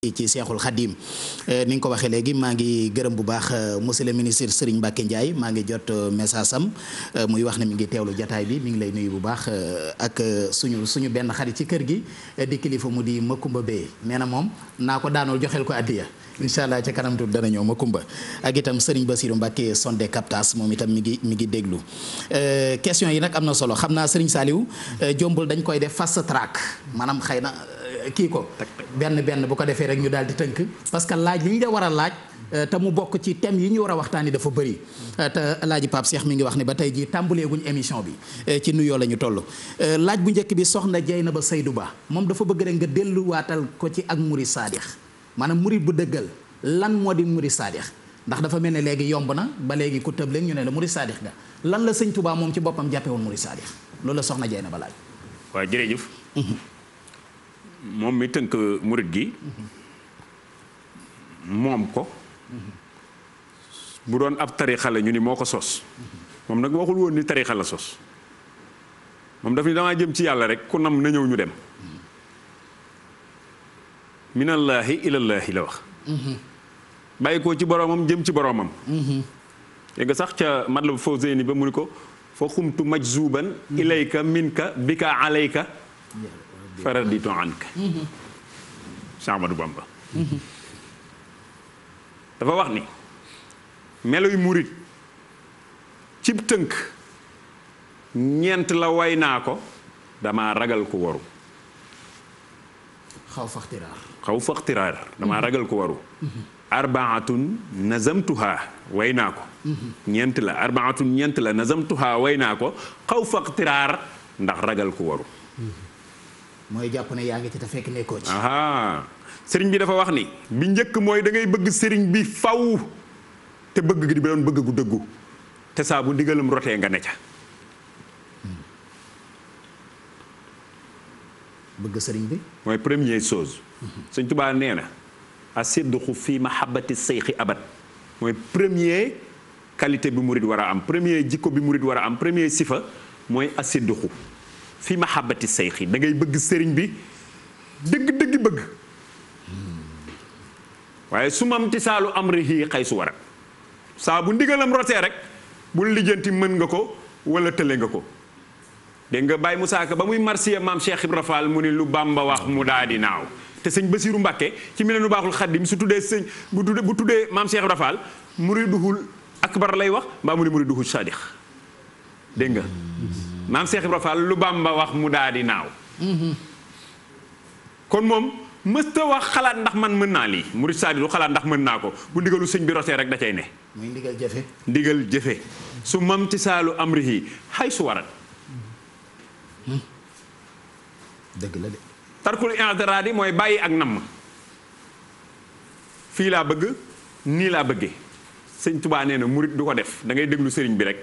ci Seexul Xadim eh, ni nga ko waxee léegi maa ngi gërëm bu baax eh, monsieur le ministre Serigne Mbacke njaay maa ngi jot eh, message am muy wax ne mi ngi teewlu jataay bi mi ngi lay nuyu bu baax ak suñu suñu benn xarit ci kër gi di kilifa mu di Makumba Beye nee na moom naa ko daanoo joxel ko addiya incha allah ci kanam tuuti dana ñoo ñëw Makumba ak itam Serigne Bassirou Mbacke Sonde Captas moom itam mi ngi mi ngi déglu question yi nag am na solo xam naa Serigne Saliou jombul dañ koy def fast track maanaam xëy na kii ko benn benn bu ko defee rek ñu daal di tënk parce que laaj li ñu la war a laaj euh, te mu bokk ci thème yi ñu war a waxtaani dafa bëri euh, te laaji Pape Cheikh mi ngi wax ni ba tey jii tàmbuleeguñ émission bi euh, ci nuyoo la ñu toll laaj bu njëkk bi soxna Dieynaba Seydou Ba moom dafa bëgg rek nga delluwaatal ko ci ak muri saadix maanaam murid bu dëggal lan moo di murid saadix ndax dafa mel ne léegi yomb na ba léegi ku tëb ñu ne la murid saadix nga lan la sëñ Touba moom ci boppam jàppe woon murid loolu la soxna Dieynaba laaj waaw jërëjëf mhm. moom mi tënk murit gi moom ko bu doon ab tarixa la ñu ni moo ko sos moom nag waxul woon ni tarixa la sos moom daf ni damaa jëm ci yàlla rek ku nam na ñëw ñu dem minallaahi ilallaahi la wax bàyyi ko ci boroomam jëm ci boroomam yegg sax ca Matlabul Fawzayni ba mu ni ko fa xumtu majzuban ilayka minka bika alayka faraditu anka Ahmadu Bamba dafa wax ni meluy murit cib tënk ñeent la way naa ko dama ragal ko waru xaw faxtiraar xaw faxtiraar dama ragal ku waru arbaatun nazamtuha way naa ko ñeent la arbaatun ñeent la nazamtuha way naa ko xaw faxtiraar ndax ragal ko waru mooy jàpp ne yaa ngi ci te fekk nekkoo ci. sëriñ bi dafa wax ni. bi njëkk mooy dangay bëgg sëriñ bi faw te bëgg gi di doon bëgg gu dëggu te saa bu ndigalam rotee nga ne ca. bëgg sëriñ bi. mooy premier chose. sëñ Tuubaa nee na. asidduqu fi mahabbati seyxi abad mooy premier qualité bi murid war a am premier jikko bi murid war a am premier sifa mooy asidduqu fi mahabbati seyxi da dangay bëgg sëriñ bi dëgg dëgg bëgg waaye su mam ci saalu amrihi xay su waral saa bu ndigalam rotee rek bu lijjanti mën nga ko walla tële nga ko dégg nga Baye Moussa Ka ba muy marsiya maam Cheikh Ibra mu ni lu Bamba wax mu daa di naaw te sëñ Basiru Mbàkke ci mel nu baaxul mu su tuddee sëñ bu tuddee bu tuddee maam Cheikh Ibra Fall ak akbar lay wax mbaa mu ni muriduhul sadix dégg nga maam Cheikh Ibra Fall lu Bamba wax mu daa di naaw kon moom mësta wax xalaat ndax man mën naa lii murid saadi du xalaat ndax mën naa ko bu ndigalu sëñ bi rotee rek da cay ne muy ndigal jëfe ndigal jëfe su mam ci saalu amrihi xay su waral dëgg la de tarkul indradi mooy bàyyi ak namm fii laa bëgg nii laa bëggee sëñ Tubaa nee na murid du ko def da ngay déglu sëriñ bi rek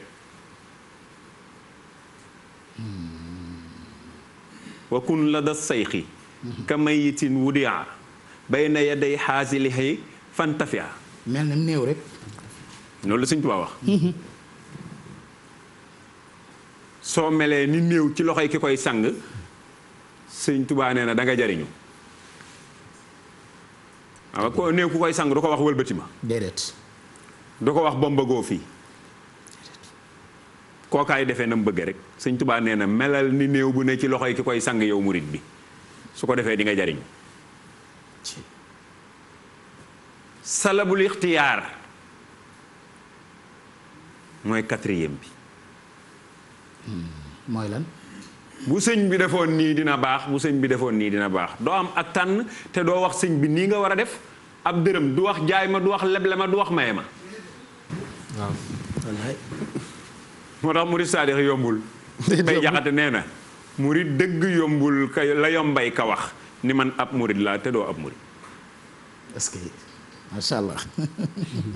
wa kun la da sayxi ka mayitin wudia bayna yaday xaasilihi fantafia mel na néew rek loolu la Sëñ wax soo melee ni néew ci loxoy ki koy sang Sëñ Tuubaa nee na da jariñu waaw ko néew ku koy sang du ko wax wëlbati ma déedéet du ko wax bombagoo fii kookaay defee na mu bëgg rek sëñ tubaa nee na melal ni néew bu ne ci loxoy ki koy sang yow murit bi su ko defee di nga jariñ salabul ixtiyaar mooy quatrième bi hmm, mooy lan bu sëñ bi defoon nii dina baax bu sëñ bi defoon nii dina baax doo am ak tànn te doo wax sëñ bi nii nga war a def ab dërëm du wax jaay ma du wax leble ma du wax maye ma waaw moo tax murid saadix yombul bay jaxate nee na murid dëgg yombul ka la yombay kawax ni man ab murid laa te doo ab murid est-ce allah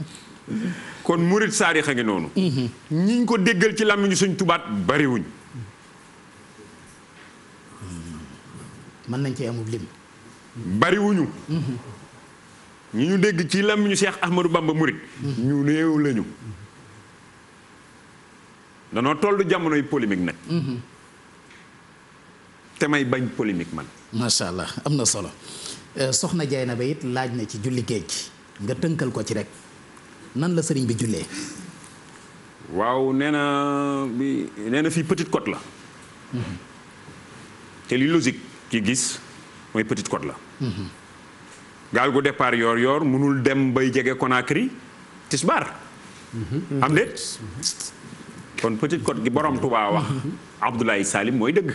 kon murid saadix a ngi noonu mhm. ñiñ ko déggal ci làmmiñu suñ tubaat bariwuñ mhm. mën nañ ci amul lim bariwuñu mhm. ñi ñu dégg ci làmmiñu Seex Ahmadu Bamba murid ñu néew lañu danoo toll jamonoy polémique nag. Mhm. te may bañ polémique man. macha allah am na solo eh, soxna jaay Jaynaba it laaj na ci julli géej gi nga tënkal ko ci rek nan la sëriñ bi jullee. waaw nee na bi nee na fii Petite Côte la. Mhm. te li logique ki gis mooy Petite Côte la. Mhm. gaal gu départ yoor yoor munul dem bay jege Conakry tisbaar. am déet. kon Petite Côte gi borom Touba wax Abdoulaye saalim mooy dëgg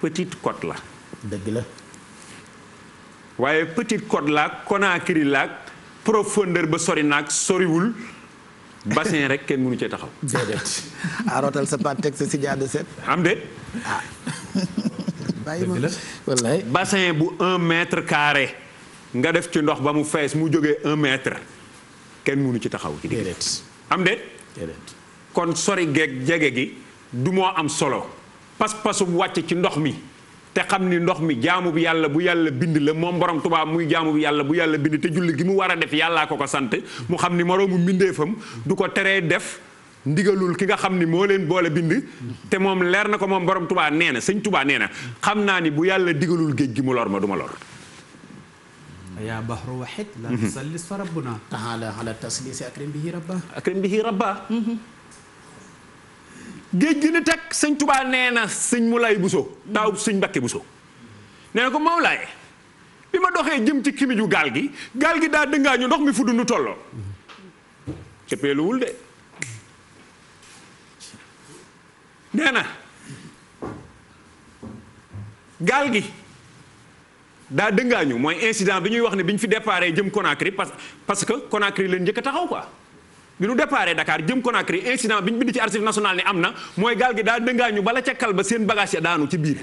Petite Côte la dëgg la waaye Petite Côte laak Conakry laak profondeur ba sori naak soriwul bassin rek kenn mënu cee taxaw déedéet arootal sa pat sa si jaadu set am ah. bassin bu un mètre carré nga def ci ndox ba mu fees mu jóge un mètre kenn mënu ci taxaw ci am de kon sori geeg jege gi du moo am solo pas-pasub wàcc ci ndox mi te xam ni ndox mi jaamu bu yàlla bu yàlla bind la moom borom tubaab muy jaamu bi yàlla bu yàlla bind te julli gi mu war a def yàllaa ko ko sant mu xam ni moroomu mbindeefam du ko teree def ndigalul ki nga xam ni moo leen boole bind te moom leer na ko moom borom tubaa nee na sëñ tubaa nee na xam naa ni bu yàlla digalul géej gi mu lor ma du lor yaa bahru waxit la tusallis fa rabbuna taala ala taslisi akrim bihi rabba akrim bihi rabba géej gi ni teg sëñ tubaa nee na sëñ Moulay buso daaw sëñ Mbakke Bousso nee na ko Mawlaay bi ma doxee jëm ci kimiju gaal gi gaal gi daa dëngaañu ndox mi fu dund tolloo cëppeeluwul de nee na gaal gi daa dëngaañu mooy incident bi ñuy wax ne bi ñu fi déparé jëm Conakry parce parce que Conakry leen njëkk a taxaw quoi bi ñu déparé Dakar jëm Conakry incident bi ñu bind ci archive nationale ne am na mooy gaal gi daa dëngaañu bala ca kal ba seen bagage ya daanu ci biir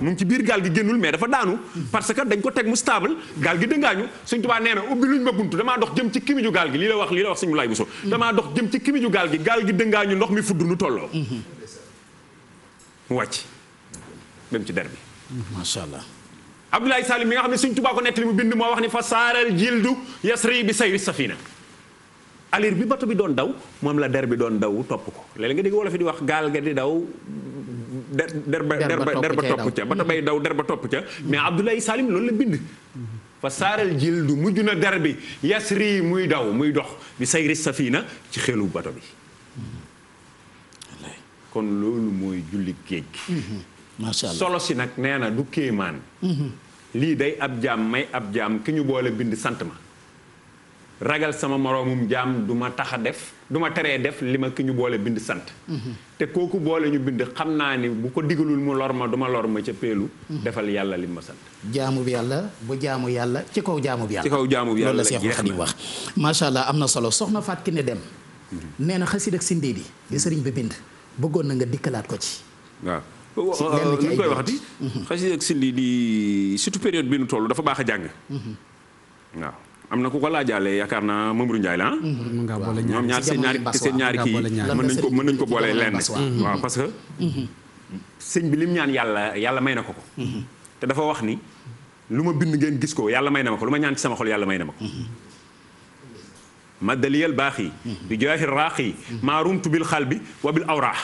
mu ngi ci biir gaal gi génnul mais dafa daanu parce que dañ ko teg mu stable gaal gi dëngaañu suñ tubaa nee na ubbi luñ ma buntu damaa dox jëm ci kimiju gaal gi lii la wax lii la wax suñu laay buso damaa dox jëm ci kimiju gaal gi gaal gi dëngaañu ndox mi fudd nu tolloo mm-hmm. mu wàcc dem ci der mm-hmm. macha allah Abdoulaye Salim mi nga xam ne suñ tubaa ko nettali mu bind moo wax ni fa saaral jildu yasri bi sayri safina alir bi bato bi doon daw moom la der bi doon daw topp ko léeg-léeg nga dégg wolof di wax gaal ga di daw der der ba ba topp ca bato bay daw der ba topp ca mais Abdoulaye saalim loolu la bind fa saaral jildu mujj na der bi yasri muy daw muy dox bi sayri safina ci xelu bato bi kon loolu mooy julli géej gi macha solo si nag nee na du kéemaan. Mhm. lii day ab jaam may ab jaam ki ñu boole bind sant ma. ragal sama moroomum jaam du ma tax a def duma teree def li ma ki ñu boole bind sant. Mhm. te kooku boole ñu bind xam naa ni bu ko digalul mu lor ma duma lor ma ca péelu. Mhm. defal yàlla li ma sant. jaamu bi yàlla bu jaamu yàlla ci kaw jaamu bi yàlla. ci kaw jaamu bi la Seexul Xadiim wax. macha allah am na solo soxna Faat ki ne dem. nee na xasida ak sindee bi di sëriñ bi bind bëggoon na nga dikkalaat ko ci. ñu koy wax di mhm. xasida ak silli di surtout période bi nu toll dafa baax a jàng mhm. waaw am na ku ko laajaale yaakaar naa Mamadou Ndiaye la ah mhm. ñoom ñaar seen ñaari seen ñaari kii mën nañ ko mën nañ ko boole lenn waaw parce que sëñ bi lim ñaan yàlla yàlla may na ko ko te dafa wax ni lu ma bind ngeen gis ko yàlla may na ma ko lu ma ñaan ci sama xol yàlla may na ma ko madaliyal baax yi bi jaahi raax yi maarumtu bil xal bi wa bil awraax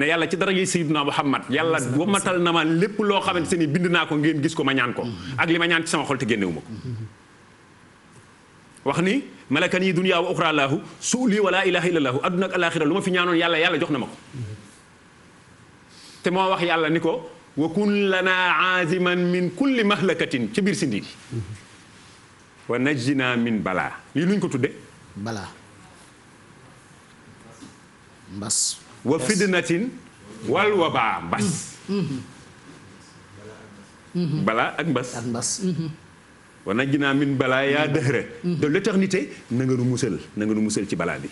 nee yàlla ci dara yi Sayyidina Muhammad yàlla wamatal na man lépp loo xamante ni bind naa ko ngeen gis ko ma ñaan ko ak ma ñaan ci sama xol te génnewu ma ko wax ni malakani dunya wa uxra laahu suuli wala ilaha illallahu adduna ak lu ma fi ñaanoon yàlla yàlla jox na ma ko te moo wax yàlla ni ko wa kun lana aziman min kulli mahlakatin ca biir sindi gi wa najjina min balaa lii luñ ko tudde balaa wa fidnatin wal wabaa mbas mm-hmm. mm-hmm. mm-hmm. balaa ak mbas ak mbas wa najjinaa min balaa yaa dëhëra de l'éternité na nga nu musal na nga musal ci balaa bi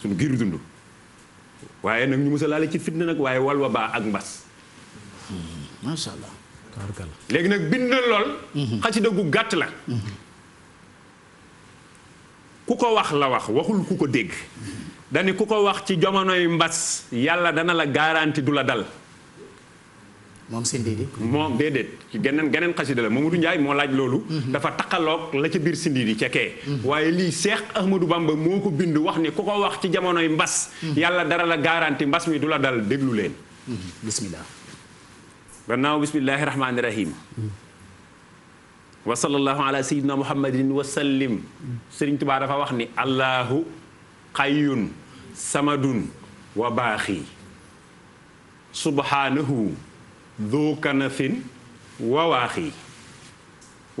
suñu giiru dund waaye nag ñu musalaale ci fitna nag waaye wal baa ak mbas macha léegi nag bind lool xasida gu gàtt la ku ko wax la wax waxul ku ko dégg dani ku ko wax ci jamonoy mbas yàlla dana la garanti du la dal. moom seen déedéet. moom déedéet ci geneen geneen xasida la Mamadou Ndiaye moo laaj loolu. Mhm. dafa taqaloog la ca biir sindi di cekee. Mhm. waaye lii Seex Ahmadou Bamba moo ko bind wax ni ku ko wax ci jamonoy mbas. Mhm. yàlla dara la garanti mbas mi du la dal déglu leen. bismillah. gannaaw bismillahi rahmaani rahim. wa sallallahu ala sayyidina muhammadin wa sallim. Sëriñ Tuubaa dafa wax ni allahu xayyun samadun wa baaxi subhaanahu dhu kanafin wa waaxi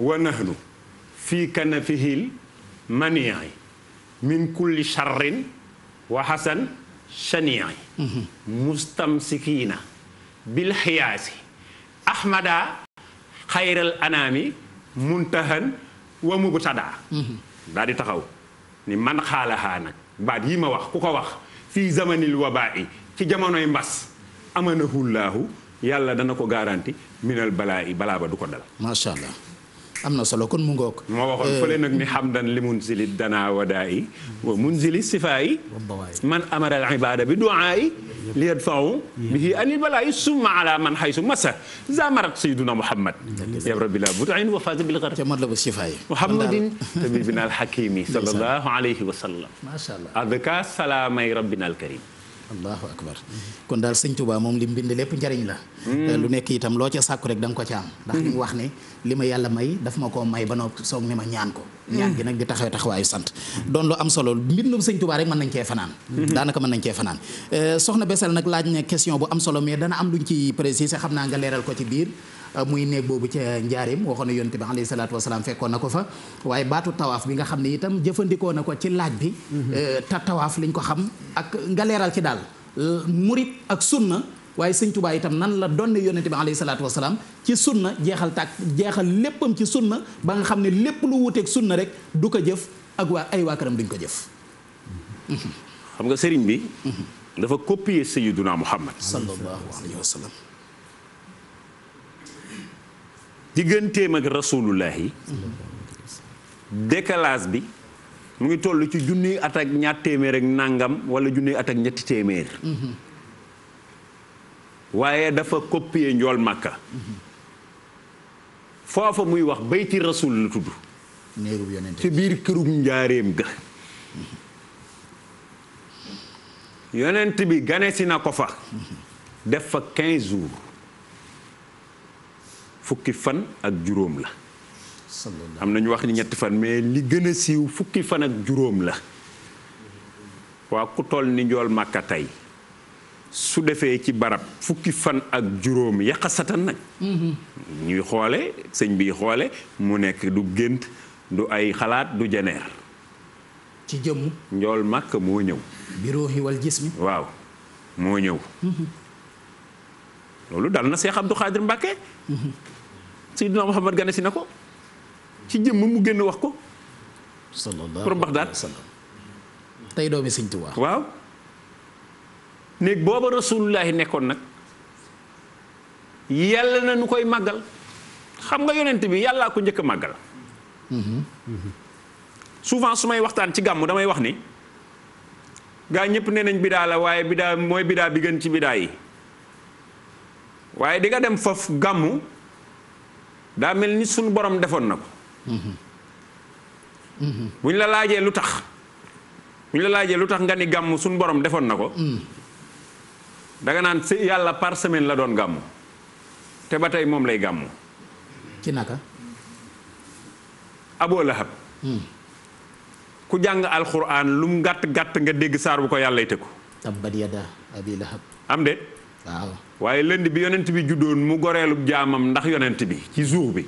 wa nahnu fii kanafihil maniai min kulli charrin wa hasan shaniai mustamsikiina bil xiyaasi ahmada xayral anaami muntahan wa mubtada mm-hmm. daal di taxaw ni man xaalahaa nag baat yi ma wax ku ko wax fii zamanil wabaa i ci jamonoy mbas amanahullaahu yàlla dana ko garanti minal balaa i balaa ba du ko dal macha allah am na solo kon mu ngoog. moo waxoon fële nag ni hamdan euh, li munzili danaa wadaayi wa munzili sifaayi man amara al ibaada bi duaayi li yadfau bihi ani balaayi summa ala man xaysu masa zamarat sayyiduna muhammad ya rabbi la budain wa faasa bil xar ca mat la bu sifaayi muhammadin tabibina al hakimi sallallahu alayhi wa sallam macha allah adka salaamay rabbina al karim allahu akbar kon daal sëñ Tuubaa moom li mu bind lépp njariñ la mm. lu nekk itam loo ca sàkku rek da nga ko ca am ndax mm. li mu wax ne li ma yàlla may daf ma koo may ba noo soog ne ma ñaan ko mm. ñaan gi nag di taxawee taxawaayu sant doon lu am solo mbindum sëñ Tuubaa rek mën nañ cee fanaan mm-hmm. eh, soxna Bessél nag laaj na question bu am solo mais dana am luñ ci préciser xam naa nga leeral ko ci biir Euh, muy néeg boobu ca njaareem waxoon na yonent bi alayhi salaatu wasalaam fekkoon na ko fa waaye baatu tawaaf bi nga xam ne itam jëfandikoo na ko ci laaj bi mhm. euh, ta tawaaf liñ ko xam ak nga ci daal murit ak sunna waaye sëñ itam nan la doon yonent bi alayhi salaatu wasalaam ci sunna jeexal tàkk jeexal léppam ci sunna ba nga xam ne lépp lu wuuteeg na rek du ko jëf ak waa ay waa këram duñ ko jëf xam nga sëriñ bi mhm. dafa copier Sayyiduna Muhammad sallallahu alayhi wa sallam digganteem ak rasulullah yi bi mu ngi toll ci junniy at ak ñaar téeméer ak nàngam wala junniy at ak ñetti téeméer waaye dafa copier njool màkka foofa muy wax bayti rasul la tudd ci biir kërug njaareem ga yonent bi ganesi na ko fa def fa quinze jours fukki fan ak juróom la am na ñu wax ni ñetti fan mais li gën a siiw fukki fan ak juróom la waa ku toll ni njool màkka tey su defee ci barab fukki fan ak juróom yaqasatan nag mm-hmm. ñuy xoole sëñ bi xoole mu nekk du gént du ay xalaat du jeneer ci jëmm njool màkk moo ñëw bi ruuhi wal waaw moo ñëw mm-hmm. loolu dal na Seex Abdu Xaadir Mbàkke mm-hmm. Seydina Muhammad gane si na ko ci jëmm mu génn wax ko. sallallahu borom Baxdaad tey doomi Sëñ Tuubaa waaw néeg booba rasulullahi nekkoon nag yàlla na nu koy màggal xam nga yonent bi yàllaa ko njëkk a màggal souvent su may waxtaan ci gàmm damay wax ni gaa ñëpp nee nañ bidaa la waaye bidaa mooy bidaa bi gën ci bidaa yi waaye dinga dem foofu gàmmu daa mel ni suñu borom defoon na ko bu ñu la laajee lu tax bu ñu la laajee lu tax nga ni gàmm suñu borom defoon na ko danga naan si yàlla par semaine la doon gàmm te ba tey moom lay gàmm ci naka aboo lahab ku jàng alxuraan lu mu gàtt gàtt nga dégg saar bu ko yàllay tëkku tabbat lahab am de waaye lënd bi yonent bi juddoon mu goreelu jaamam ndax yonent bi ci jour bi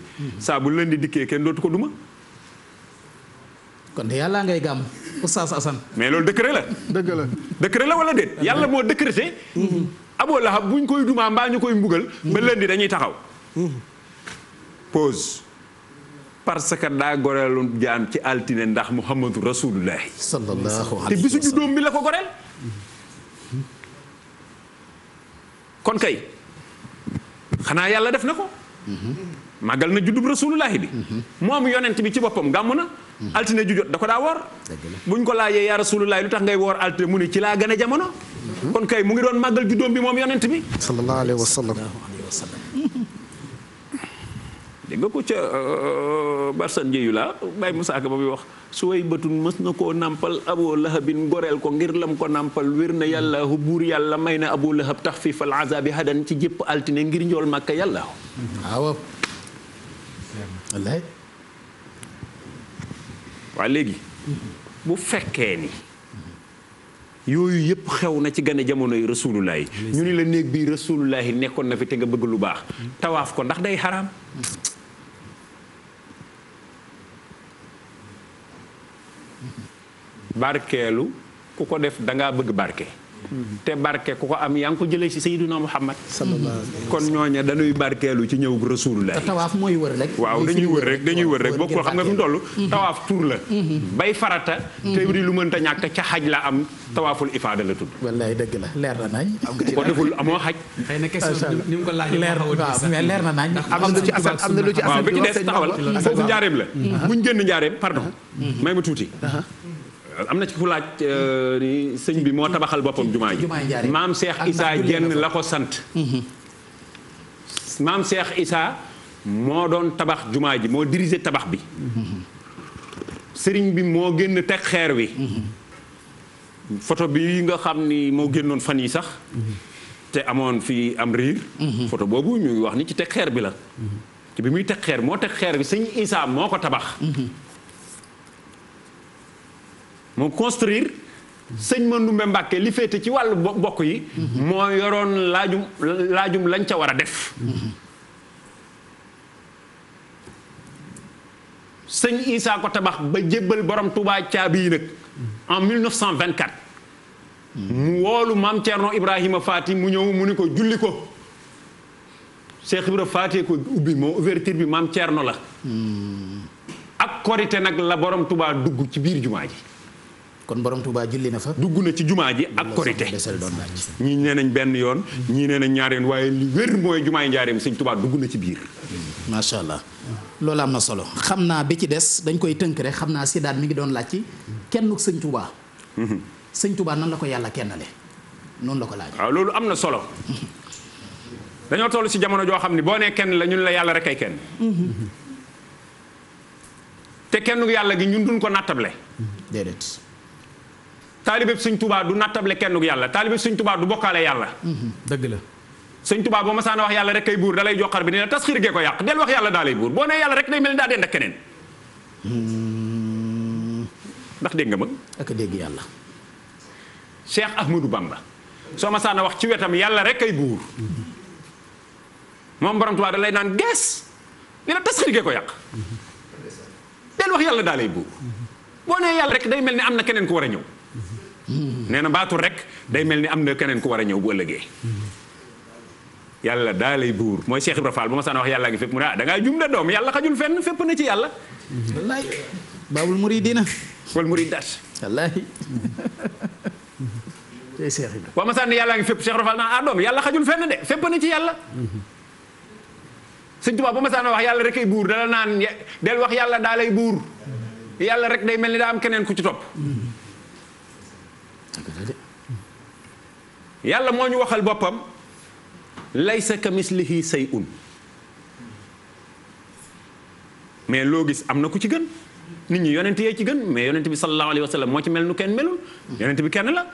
saa bu lënd dikkee kenn dootu ko duma kon de yàlla ngay gàmm oustaz Assane mais loolu décret la dëgg la décret la wala déet yàlla moo décrété Abu Lahab buñ koy dumaa mbaa ñu koy mbugal ba mm-hmm. lëndi dañuy taxaw mm-hmm. pause parce que daa goreelu jaam ci altine ndax muhammadu rasulullahi sallallahu alayhi wa sallam te bisu juddoom bi la ko goreel kon kay xanaa yàlla def na ko. màggal na juddub rasulullahi bi. moom yonent bi ci boppam gàmm na. altine ju jot da ko daa woor. ñu ko laajee yaa rasulullahi lu tax ngay woor altine mu ne ci laa gën jamono. kon kay mu ngi doon màggal juddoom bi moom yonent bi. sallallahu alayhi wa sallam. dégg nga ko ca euh, euh, Barsan Ndiéyu laa Baye Moussa Ka ba muy wax suway batun mës na koo nampal Abu Lahabin goreel ko ngir lam ko nàmpal wér na yàlla buur yàlla may na Abu tax taxfifal azabi hadan ci jëpp altine ngir njool màkka yàlla. waaw. wallaay. waa léegi. bu fekkee ni. yooyu yëpp xew na ci gane jamono yi rasulullah yi ñu ni la néeg bi rasulullah yi nekkoon na fi te nga bëgg lu baax tawaaf ko ndax day xaraam barkeelu ku ko def danga bëgg barke te barke ku ko am yaa ngi ko jëlee ci Sayyiduna Muhammad kon ñooña dañuy barkeelu ci ñëw Rasulullah tawaaf waaw dañuy wër rek dañuy wër rek bokkul xam nga fi mu mm-hmm. tawaaf tuur la mm-hmm. bay farata te di mm-hmm. lu mënta ñàkk ca xaj la am tawaaful ifaada la tudd wallaay deful amoo xaj xëy bi ci des taxawal foofu njaareem la buñ génn njaareem may ma tuuti uh-huh. am na ci ku laaj euh, sëñ bi moo tabaxal boppam jumaa ji maam Cheikh Issa jenn la ko sant mhm. maam seex Issa moo doon tabax jumaa ji moo dirigé tabax bi sëriñ bi moo génn teg xeer wi mhm. photo bi nga xam ni moo génnoon fan yi sax mhm. te amoon fi am riir photo boobu ñuy wax ni ci teg xeer bi la te bi muy teg xeer moo teg xeer bi sëñ isaa moo ko tabax moo construire sëñ ma Mandoumbe Mbàkke li féete ci wàllu bokk yi moo yoroon laajum laajum lañ ca war a def sëñ Isaa ko tabax ba jébbal borom Touba caabi yi nag en 1924 mu woolu maam Thierno Ibrahima Faati mu ñëw mu ni ko julli ko Cheikh Ibra faatee ko ubbi moo ouverture bi maam Thierno la hmm. ak korite nag la borom Touba dugg ci biir jumaa ji kon borom Touba julli na fa. dugg na ci jumaa ji ak korite ñii nee nañ benn yoon. ñii nee nañ ñaari yoon waaye li wér mooy jumaay njaareem sëñ Touba dugg na ci biir. macha allah loolu am na solo xam naa bi ci des dañ koy tënk rek xam naa si mi ngi doon laaj ci sëñ Touba. sëñ Touba nan ko yàlla kennale noonu la ko laaj. loolu am na solo. dañoo toll si jamono joo xam ne boo ne kenn la ñun la yàlla rek ay kenn. te kenn yàlla gi ñun duñ ko nattable. déedéet. taalibe sëñ tubaa du nattable kennuk yàlla taalibe sëñ tubaa du bokkaale yàlla mhm, dëgg la sëñ tubaa boo masaana wax yàlla rek kay buur dalay lay joxar bi ni la tas gee ko yàq del wax yàlla daa lay buur boo nee yàlla rek day mel ni mhm. dégg yàlla Cheikh Ahmadou soo masaana wax ci wetam yàlla rek kay buur mhm. moom borom tubaa da lay ko yàq del yàlla daa lay buur boo rek day mel ni am na keneen ku war a ñëw nee na baatul rek day mel ni am na keneen ku war a ñëw bu ëllëgee. yàlla daa lay buur mooy Cheikh Ibra Fall bu ma saan wax yàlla ngi fépp mu ne ah ngaa jum de doom yàlla xajul fenn fépp na ci yàlla. wallaay baabul muridina. wal muridaat. boo ma saan yàlla ngi fépp Cheikh Ibra naa ah doom yàlla xajul fenn de fépp na ci yàlla. sëñ Tuubaa ba ma saan wax yàlla rek ay buur dala naan del wax yàlla daa lay buur yàlla rek day mel ni daa am keneen ku ci topp. yàlla moo ñu waxal boppam laysa kamislihi say'un mais loo gis am na ku ci gën nit ñi yonent yee ci gën mais yonent bi sallallahu alayhi wa moo ci mel nu kenn melul yonent bi kenn la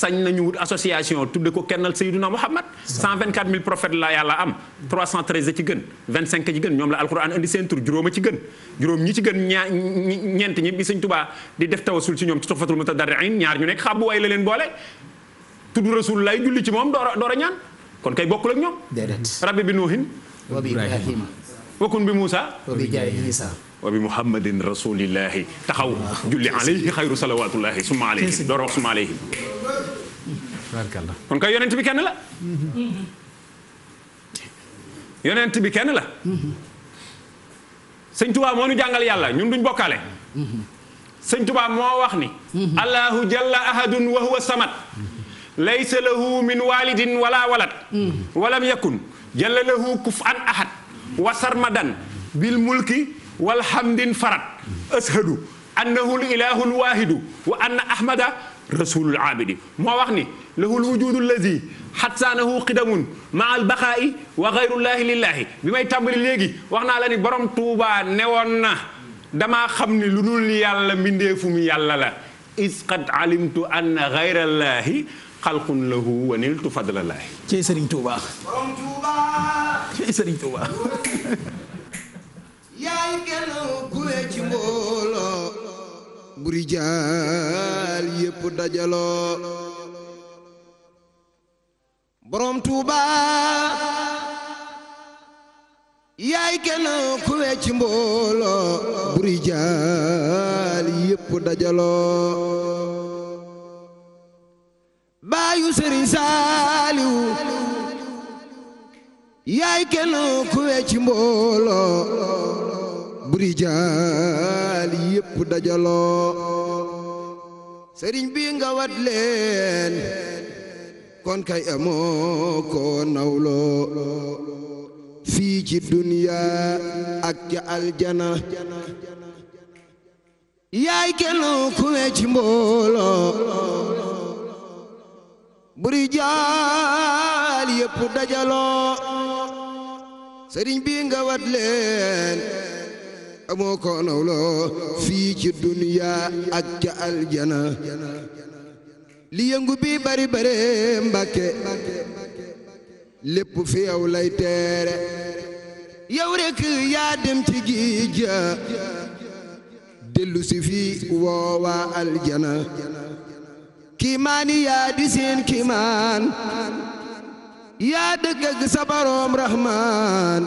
sañ nañu wut association tudde ko kennal Seydina Muhammad 124000 prophètes la yàlla am 313 a ci gën 25 ci gën ñoom la alquran indi seen tur juróom a ci gën juróom ñi ci gën ñaa ñeent ñi bi Sëñ Tuubaa di def tawasul ci ñoom ci Tuhfatul Mutadarriin ñaar ñu nekk xàbbu waay la leen boole tudd rasul lay julli ci moom door a door ñaan kon kay bokk ak ñoom rabbi bi nuuhin wa bi ibrahima wakun bi moussa wa wa bi muhammadin rasulillahi taxaw julli alayhi xayru salawatullahi summa alayhi door wax summa alayhi kon kay yonent bi kenn la yonent bi kenn la sëñ tubaa moo ñu jàngal yàlla ñun duñ bokkaale sëñ tubaa moo wax ni allahu jalla ahadun wa huwa samad laysa lahu min walidin wala walad walam yakun jalla lahu kuf an ahad wa sarmadan bil mulki walhamdin farat ashadu annahu l ilahu l wahidu wa anna ahmada rasulul abidi moo wax ni lahul wujudu llazi xatsaanahu xidamun ma al baqaa'i wa gayrullaahi lillaahi bi may tàmbali léegi wax naa la ni borom tuubaa newoon na damaa xam ni lu dul yàlla mbindeefu mu yàlla la is qad alimtu anna gayrallaahi xalqun lahu wa niltu fadlalaahi ci sëriñ tuubaa borom tuubaa ci sëriñ tuubaa yaay genn kuwe ci mbooloo buri jaal yépp dajaloo borom tuuba yaay genn kuwe ci mbooloo buri jaal yépp dajaloo baayu sëriñ saaliw yaay kenn ku we ci rijaal yépp dajaloo sëriñ bi nga wat leen kon kay amoo ko nawloo fii ci duniyaa ak ca aljana yaay kenn ku ne ci mbooloo bu rijaal yépp dajaloo sëriñ bi nga wat leen amoo ko nawloo fii ci ak ca aljana li yëngu bi bari bare lépp fi yow lay teere yow rekk yaa dem ci giija fii woowaa aljana kiimaani yaa di kiimaan yaa dëgg ak rahmaan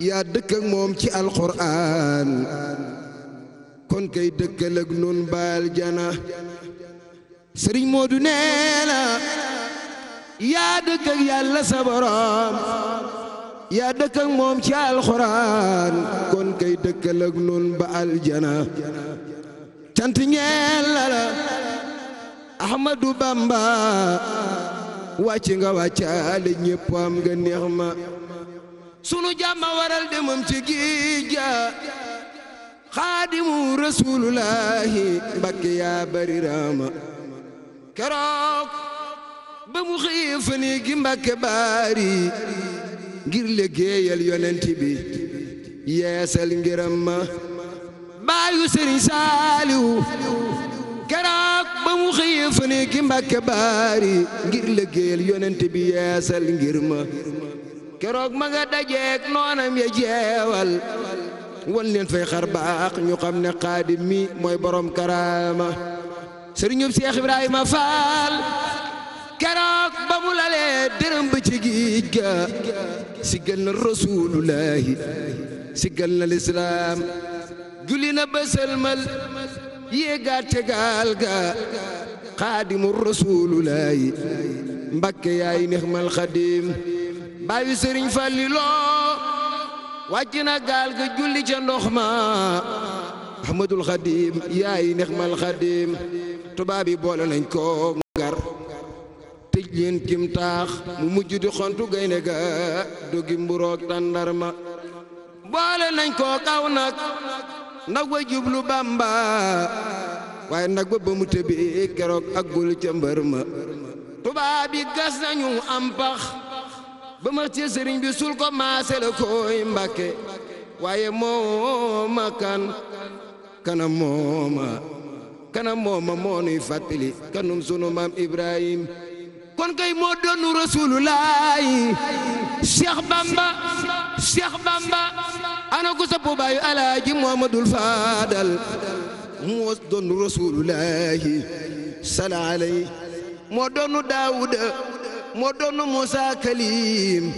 yaa dëkk ak moom ci alxuraan kon kay dëkkal ak nun baal jana sëriñ Moodu nee na yaa dëkk ak yàlla sa borom yaa dëkk moom ci alxuraan kon kay dëkkal ak nun baal jana cant ñeel la Ahmadu Bamba wàcc nga wàccaale ñépp am nga neex ma sunu jàmma waral demam ci géej ga xaadimu rasulullahi mbakke yaa bari rama keroog ba mu xëyee fani gi mbakke baari ngir liggéeyal yonent bi yeesal ngiram ma baayu sëriñ saaliw keroog ba mu xëyee fani gi mbakke baari ngir liggéeyal yonent bi yeesal ngir ma keroog ma nga dajeek noonam ya jeewal wan leen fay xar ñu xam ne xaadim mi mooy borom karaama sëriñub Seex Ibrahima Faal keroog ba mu lalee dërëm ba ga siggal na rasulullahi siggal na lislaam julli na bësalmal yéegaat ca gaal ga xaadimu rasulullahi mbakke yaay neex mal xadim baayu sëriñ fàlliloo wàcc na gaal ga julli ca ndox ma ahmadul xadim yaayi nexmal xadim tubaab yi boole nañ ko ngar tëj leen kim taax mu mujj di xontu gaynde ga dogi mburoog tàndarma boole nañ ko kaw nag nag wa jublu bamba waaye nag ba ba mu tëbi keroog ak gul ca mbër ma tubaab gas nañu am pax ba ma ci sëriñ bi sul ko maase la koy mbàkke waaye mooma kan kana mooma kana mooma moo nuy fàttali kanum sunu maam Ibrahim kon kay moo doonu rasulullaahi Cheikh Bamba Cheikh Bamba ana ko sa baayu alaaji Muhammadul Faadal moo doonu rasulullaahi sala alay moo doonu Daawuda moo doon Muusa Kalim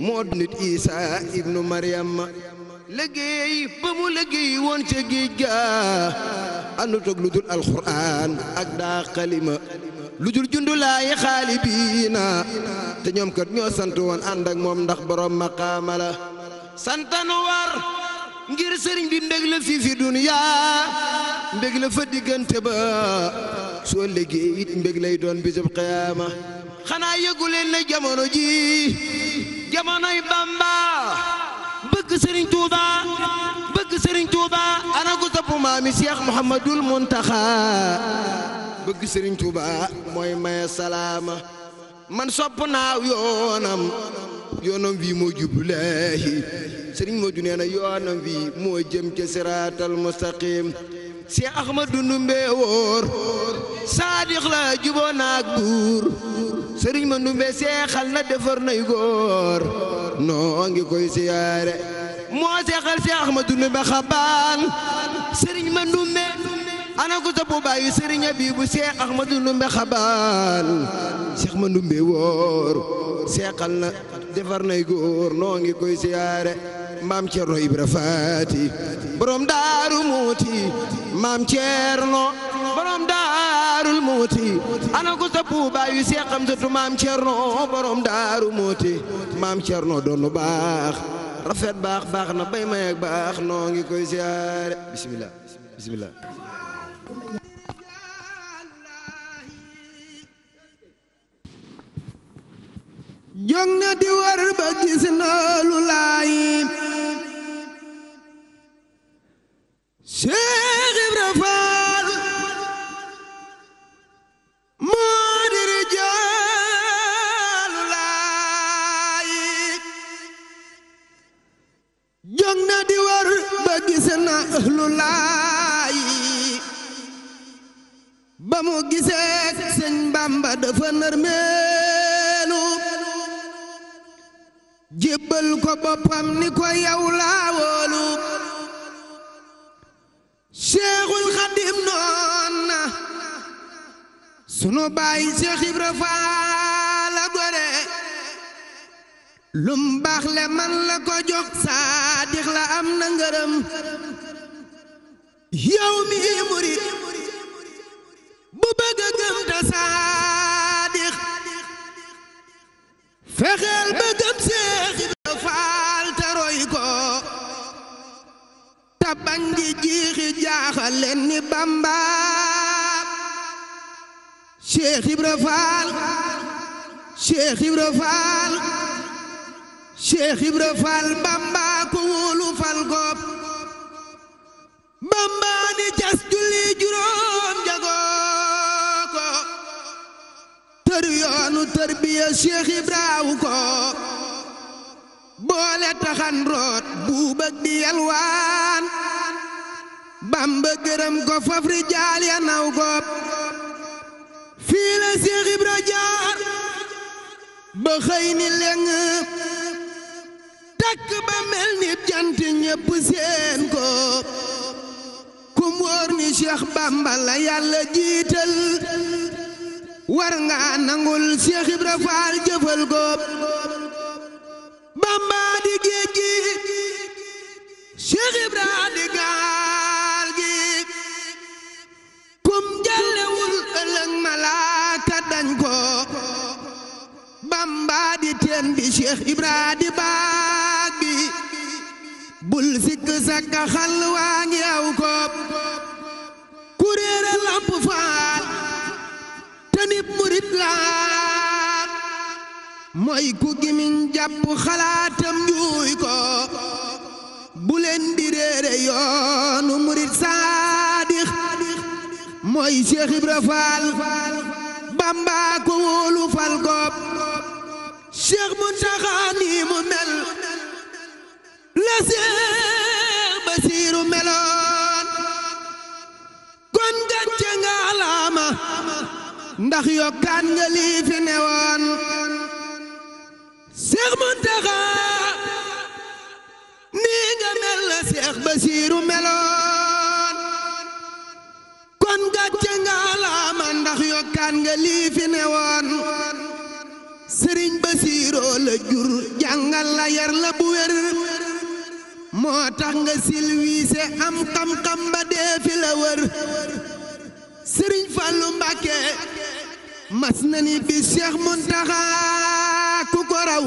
moo nit Isa ibnu Maryam liggéey ba mu liggéey woon ca géej ga àndut ak lu dul alxuraan ak daa xalima lu dul jundulaayi xaali te ñoom kat ñoo sant woon ànd moom ndax borom maqaama la santanu war ngir sëriñ bi mbég la fii fi duniyaa mbég la fa diggante ba soo liggéey it mbég lay doon bisub qiyaama xanaa yëgu leen ne jamono ji jamonoy Bamba bëgg Serigne Touba bëgg Serigne Touba ana ko topp maami Cheikh Mouhamadul Muntaxa bëgg Serigne Touba mooy maye salaama man sopp naaw yoonam yoonam wi moo jublaahi Serigne moo ju yoonam wi moo jëm ca siraatal mustaqim si Ahmadu Ndumbe wóor saadix la juboo naak buur sëriñ ma Ndumbe seexal na defar nay góor noo ngi koy siyaare moo seexal si Ahmadu Ndumbe xabaan sëriñ ma Ndumbe ana ku topp bàyyi sëriñ bi bu Cheikh Ahmadou Ndoumbé xabaan Cheikh ma Ndoumbé wóor seexal na defar nay góor noo ngi koy siyaare maam Cerno Ibra Faati borom daaru muuti maam Cerno borom daarul muuti ana ku topp bàyyi Cheikh Amsatu maam Cerno borom daaru muuti maam Cerno doonu baax rafet baax baax na bay may baax noo ngi koy siyaare bismillah bismillah jóg na di war ba gis na lu laay ba mu gisee sëñ bàmba dafa nërmeelu jébbal ko boppam ni ko yow laa wóolu Seexul Xadim noon na sunu baay Seex Ibra Faal gore lum baax le man la ko jox saadix la am na ngërëm yow mi murit bëgg a gëm te saadix fexeel ba gëm Seex Ibra Faal jiixi jaaxal leen Bamba Seex Ibra Faal Seex Ibra Faal Bamba ko wóolu fal Bamba ni cas julli juróom tarbiya ko boole taxan bu bëgg di yalwaan Bamba gërëm ko faf rijaal ya naw ko fii la Cheikh ba xëy ni leng takk ba mel ni jant ñépp seen ko kum wóor ni Cheikh Bamba la yàlla jiital war nga nangul Seex Ibra Faal jëfal góob Bamba di géej gi gaal gi kum jàllewul ëllëg malaaka dañ ko Bamba di teen bi Seex bi bul sikk sakka xal waa ngi aw ko lamp faal xalaat mooy ku gimiñ jàpp xalaatam juuy ko bu leen di réere yoonu murit saadix mooy Cheikh Ibra Faal Bamba ko wóolu fal ko Cheikh Muntaxa ni mu mel la Cheikh Basiiru meloon kon gan ndax yokkaan nga lii fi newoon Seex Muntaxa nii nga mel la Seex Basiiru meloon kon gàcce nga laama ndax yokkaan nga lii newoon Sëriñ Basiiroo la jur jàngal la yar la bu wér moo tax nga silwiise am xam-xam ba dee la wër Sëriñ Fallu Mbàkke mas na ni bi Cheikh Muntaxa ku ko raw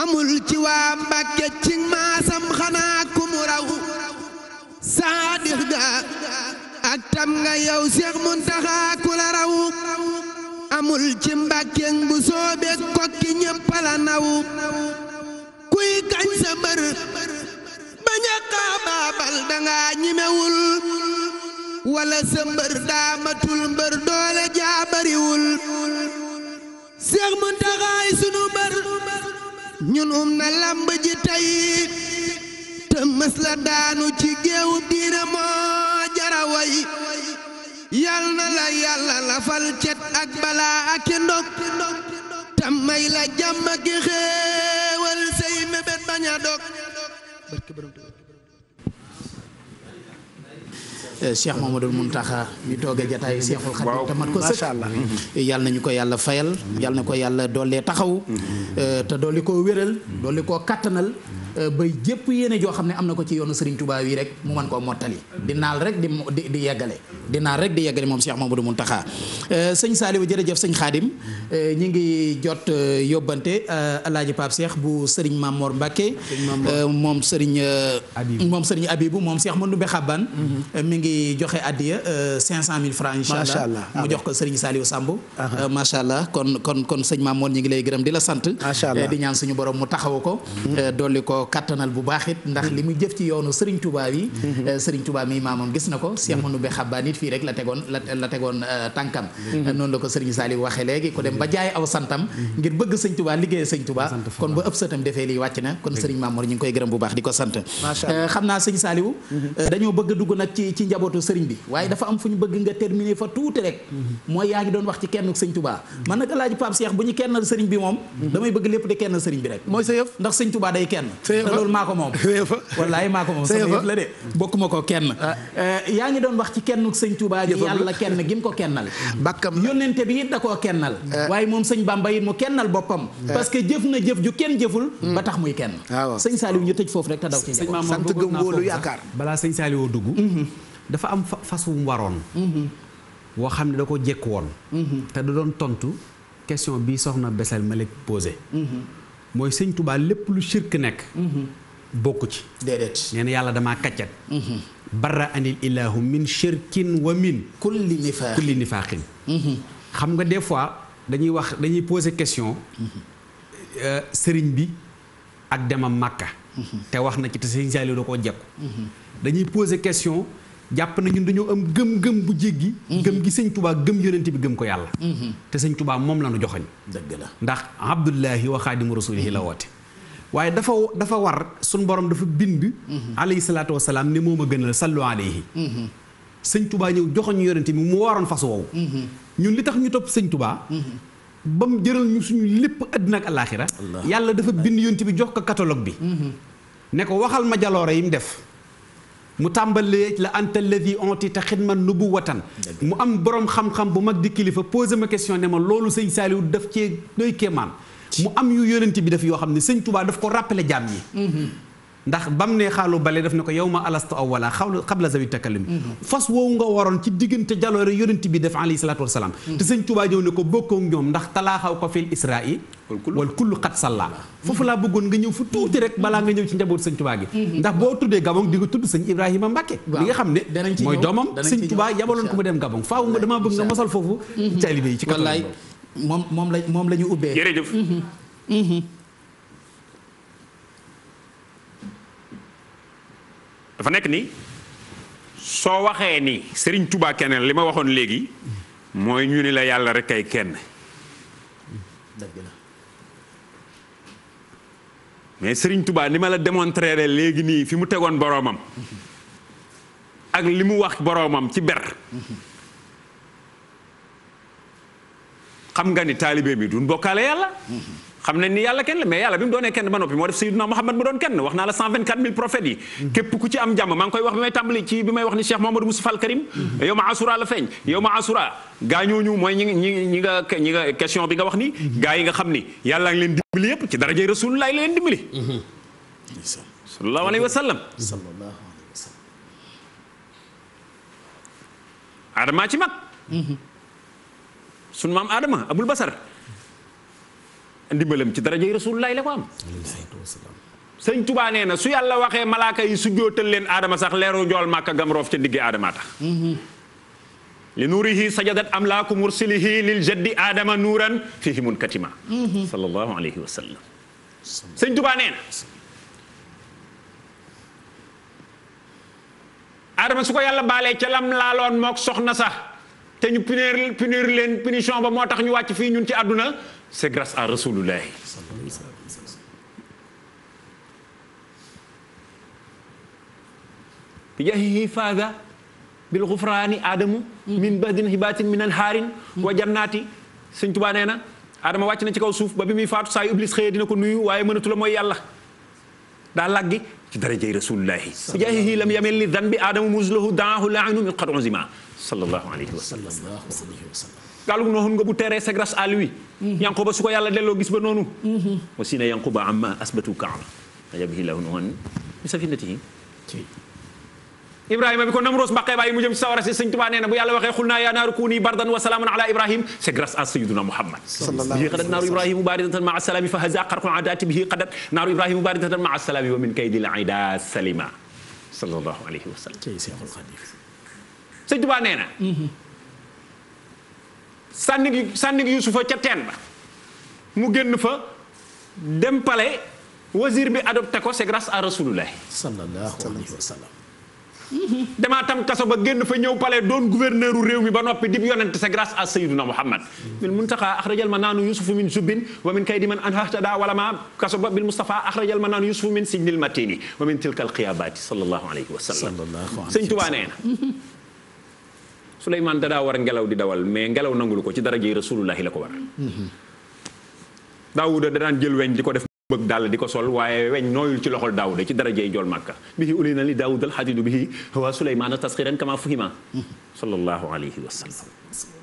amul ci waa Mbàkke ci maasam xanaa ku mu raw saadix ga ak nga yow Cheikh Muntaxa ku la raw amul ci Mbàkke bu soobe kokki ñëpp naw kuy kañ sa bër bañ a xaabaabal danga ñimewul wala sa mbër daa matul mbër doole jaa bariwul Seex Muntaxaay sunu mbër ñun um na lamb ji tey te la daanu ci géewu diina moo jaraway yal na la yàlla lafal cet ak balaa ak ndog te may la jàmm ak xéewal say mébét bañ a dog Eh, Cheikh Mamadou Mountakha mi toog a jataayu Cheikhul Khadim te mat ko sëkk eh, yàlla nañu ko yàlla fayal yàlla na ko yàlla doolee taxaw mm-hmm. eh, te dool li ko wéral dool dooli koo kattanal ba jëpp yéene joo xam ne am na ko ci yoonu Serigne tubaab yi rek mu mën koo mottali di naal rek di di yeggale di naal rek di yeggale moom moom Cheikh Mamadou Mountakha sëñ Saliou jërëjëf sëñ Khadim ñi ngi jot yóbbante alaaji Pape Cheikh bu Serigne Mamor Mbacké moom Serigne moom Serigne Abibou moom Cheikh Mandoumbé Xaban mm-hmm. mi ngi ngi joxe addiya 500000 euh, francs incha allah mu jox ko Serigne Saliou Samb. Euh, macha allah kon sëñ Maam Mor ngi euh, mu taxaw mhm. ci yoonu Serigne Touba yi. Mhm. Serigne Touba mi maamam gis na ko. Mhm. Cheikh Manoumbe Xabbaan it fii rek la tegoon la tegoon tànkam. noonu ko dem ba jaay aw santam. ngir bëgg sëñ Touba liggéey sëñ ba ëpp sëtam defee kon Serigne Maam Mor ñu koy gërëm bu baax di ko sant. macha allah xam naa sëñ Saliou dañoo bëgg dugg nag ci ci njabootu sëriñ bi waaye dafa am fu ñu bëgg nga terminer fa tuuti rek mooy yaa ngi doon wax ci kenn sëñ Touba man nag alaaji Pape Cheikh bu ñu kennal sëriñ bi bi rek mooy sa kenn te loolu maa ko moom wallaay maa ko moom bokkuma ko kenn ah. eh, yaa ngi doon wax ci kenn sëñ Touba gi yàlla kenn gi mu ko kennal yónnente bi it da koo kennal eh. waaye moom sëñ Bamba it mu kennal boppam eh. parce que jëf na jëf ju kenn jëful hmm. ba tax muy kenn ah, sëñ Saliou ñu tëj foofu rek te daw ci sant gëm wóolu yaakaar balaa sëñ Saliou dugg mm-hmm. dafa am fas wu mu waroon. Mm-hmm. woo xam ne da ko jékku woon. Mm-hmm. te da doon tontu question bi soxna Bessél Malick posé. Mm-hmm. mooy sëñ Touba lépp lu sirk nekk. bokku ci. déedéet nee na yàlla damaa kàccat. barra anil ilaahu min shirkin wa min. kulli nifaaqin kulli nifaaqin xam nga des fois dañuy wax dañuy poser question. Euh, sëriñ bi ak demam màkka te wax na ci te sëriñ Saliou da koo jekku dañuy poser question. jàpp na ñun dañoo am gëm gëm bu jéggi. Mhm. gëm gi sëñ tubaa gëm yonent bi gëm ko yàlla. Mhm. te sëñ tubaa moom la nu joxoñ dëgg la ndax abdullahi wa xaadimu rasulihi la mhm. woote. waaye dafa dafa war suñ borom dafa bind. alayhi salaatu wa salaam ne moom a gënal sallu alayhi. sëñ tubaa ñëw joxoñ yonent bi mu waroon fas woowu. ñun li tax ñu topp sëñ tubaa. ba mu jëral ñu suñu lépp àddina ak alaaxira yàlla dafa bind yonent bi jox ko catalogue bi. ne ko waxal ma jaloore yi mu def. mu tàmbalee la anta alladi ontita xidman nubuwatan mu am borom xam-xam bu mag di kilifa posé ma question ne ma loolu sëñ Saliou daf cee doy kéemaan mu am yu yonent bi def yoo xam ne sëñ Touba daf ko rappelé jaam yi mm-hmm. ndax ba bam ne xaalu bale daf ne ko yow ma alastu awwala xawla xabla zawi takallumi fas woowu nga waroon ci diggante jaloore yonent bi def alayhi salaatu wasalaam te sëñ Tuubaa ñëw ne ko bokkoo ñoom ndax talaaxaw ko fil isra'i wal kullu xat foofu laa bëggoon nga ñëw fu tuuti rek balaa nga ñëw ci njaboot sëñ Tuubaa gi ndax boo tuddee Gabon di nga tudd sëñ Ibrahima Mbacke mi nga xam ne mooy doomam sëñ Tuubaa yabaloon ko mu dem Gabon faaw nga damaa bëgg nga mosal foofu taalibe yi ci moom moom la moom la ñu ubbee dafa nekk ni soo waxee ni sëriñ tubaa keneen li ma waxoon léegi mooy ñu ni la yàlla rekk ay kenn mais sëriñ tubaa ni ma la démontré léegi nii fi mu tegoon boroomam ak li mu wax boroomam ci ber xam nga ni taalibe mi duñ bokkaale yàlla xam nañ ni yàlla kenn la mais yàlla bi mu doonee kenn ba noppi moo def sayyiduna Muhammad mu doon kenn wax naa la 124000 prophètes yi képp ku ci am jàmm maa ngi koy wax bi may tàmbali ci bi may wax ni Cheikh Mouhamadou Moustapha al Karim asura la feeñ yow asura gaañooñu mooy ñi ñi ñi nga ñi nga question bi nga wax ni gaa yi nga xam ni yàlla ngi leen dimbali yëpp ci darajay rasulullah la leen dimbali sallallahu alayhi wa sallam ci mag mhm. sun maam aadama abul basar ndimbalam ci darajay rasulullahi la ko am sëñ tubaa nee na su yàlla waxee malaaka yi su jootal leen aadama sax leeru njool màkka gam roof ca diggi aadama tax li nuurihi sajadat amlaaku mursilihi lil jaddi aadama nuuran fihi munkatima sallallahu sëñ tubaa nee na su ko yàlla baalee ca lam laaloon mook soxna sax te ñu punir punir ba moo tax ñu wàcc fii ñun ci àdduna c'est grâce à Rasulullah bi jaahihi faada bil xufraani aadamu min badin hibaatin min anhaarin wa jannaati sëñ Tuubaa nee na aadama wàcc na ci kaw suuf ba bi muy faatu saa yu iblis xëyee dina nuyu waaye mënatu la mooy yàlla daa laggi ci darajay rasulullahi bi jaahihi lam yamel li dan bi aadamu muslahu daahu laanu min qad unzima sallallahu alayhi wa sallam gaalug nooxun nga bu teree sa grâce à lui mhm. yanquba su ko yàlla delloo gis ba noonu mhm. wa si na yanquba amma asbatu kaala yabhi lahu nuhan mi safinatihi ibrahima bi ko namroos mbaqee bàyyi mu jëm ci sawara si sëñ tubaa nee na bu yàlla waxee xul naa yaa naaru kuuni bardan wa salaaman ala ibrahim c'est grâce à sayyiduna muhammad bihi qadat naaru ibrahimu baridatan maa salaami fa haza xarqun adati bihi qadat naaru ibrahimu baridatan maa salaami wa min kaydil ida salima sallallahu alayhi wa sallam sëñ tubaa nee na mhm. sànni sànni Yusufa ca teen ba mu génn fa dem pale wazir bi adopté ko c'est grâce à rasulullah sallallahu alayhi wa sallam damaa tam kaso ba génn fa ñëw pale doon gouverneur u réew mi ba noppi dib yonent c'est grâce à sayyiduna muhammad bil muntaqa axrajal ma naanu yusufu min jubbin wa min kaydi man anhahtada wala ma kaso ba bil mustafa axrajal ma naanu yusufu min sijnil matini wa min tilka alqiyabaati sallallahu alayhi wa sallam Souleymane da daa war ngelaw di dawal mais ngelaw nangul ko ci dara rasulullahi la ko war. daawuda da daan jël weñ di ko def bëgg dàll di ko sol waaye weñ nooyul ci loxol daawuda ci dara jey jool màkka bihi uli na li daawud al xadidu bihi wa Souleymane tasxiran kama fuhima sallallahu alayhi wa sallam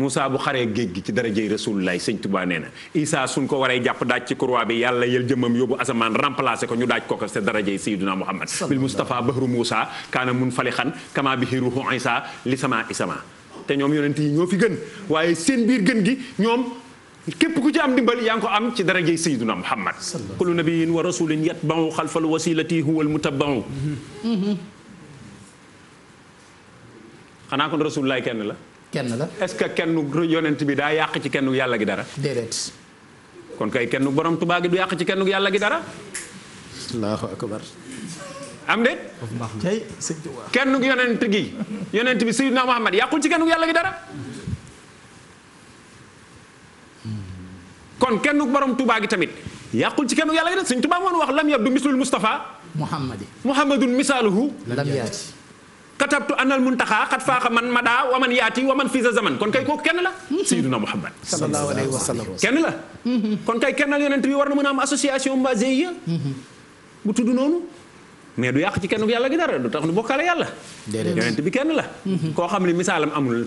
musa bu xaree géej gi ci darajey Rasulullah sëñ Tuubaa nee na Isa suñ ko waree jàpp daaj ci croix bi yàlla yël jëmmam yóbbu asamaan remplacé ko ñu daaj ko ko sa darajey Sayyiduna Muhammad bil Mustafa bahru Moussa kaana mun fali xan kama bihi ruhu Isa li sama isama te ñoom yonent yi ñoo fi gën waaye seen biir gën gi ñoom képp ku ci am dimbal yaa ngi ko am ci darajey Sayyiduna Muhammad kullu nabiyyin wa rasulin yatba'u xalfal wasilati huwal mutaba'u mm-hmm. mm-hmm. xanaa kon Rasulullah kenn la kenn la est-ce que kenn yonent daa yàq ci kenn yàlla gi dara. déedéet. kon kay kenn borom Tuubaa gi du yàq ci kenn yàlla gi dara. allahu akbar. am déet. kenn yonent gi yonent bi Seydina Muhammad yàqul ci kenn yàlla gi dara. kon kenn borom Tuubaa gi tamit yàqul ci kenn yàlla gi dara Sëñ Tuubaa moon wax lam yabdu mislul Mustafa. Muhammadin Muhammadun misaaluhu. lam yaati katabtu anal muntaxaa xat faaxa man madaa waman yaati waman fii sa zaman kon kay kooku kenn la sayyiduna muhammad sallallahu alayhi wa sallam kenn la kon kay kennal yonent bi war na a am association mba GIE bu tudd noonu mais du yàq ci kenn yàlla gi dara du tax nu bokkale yàlla yonent bi kenn xam ne misaalam amul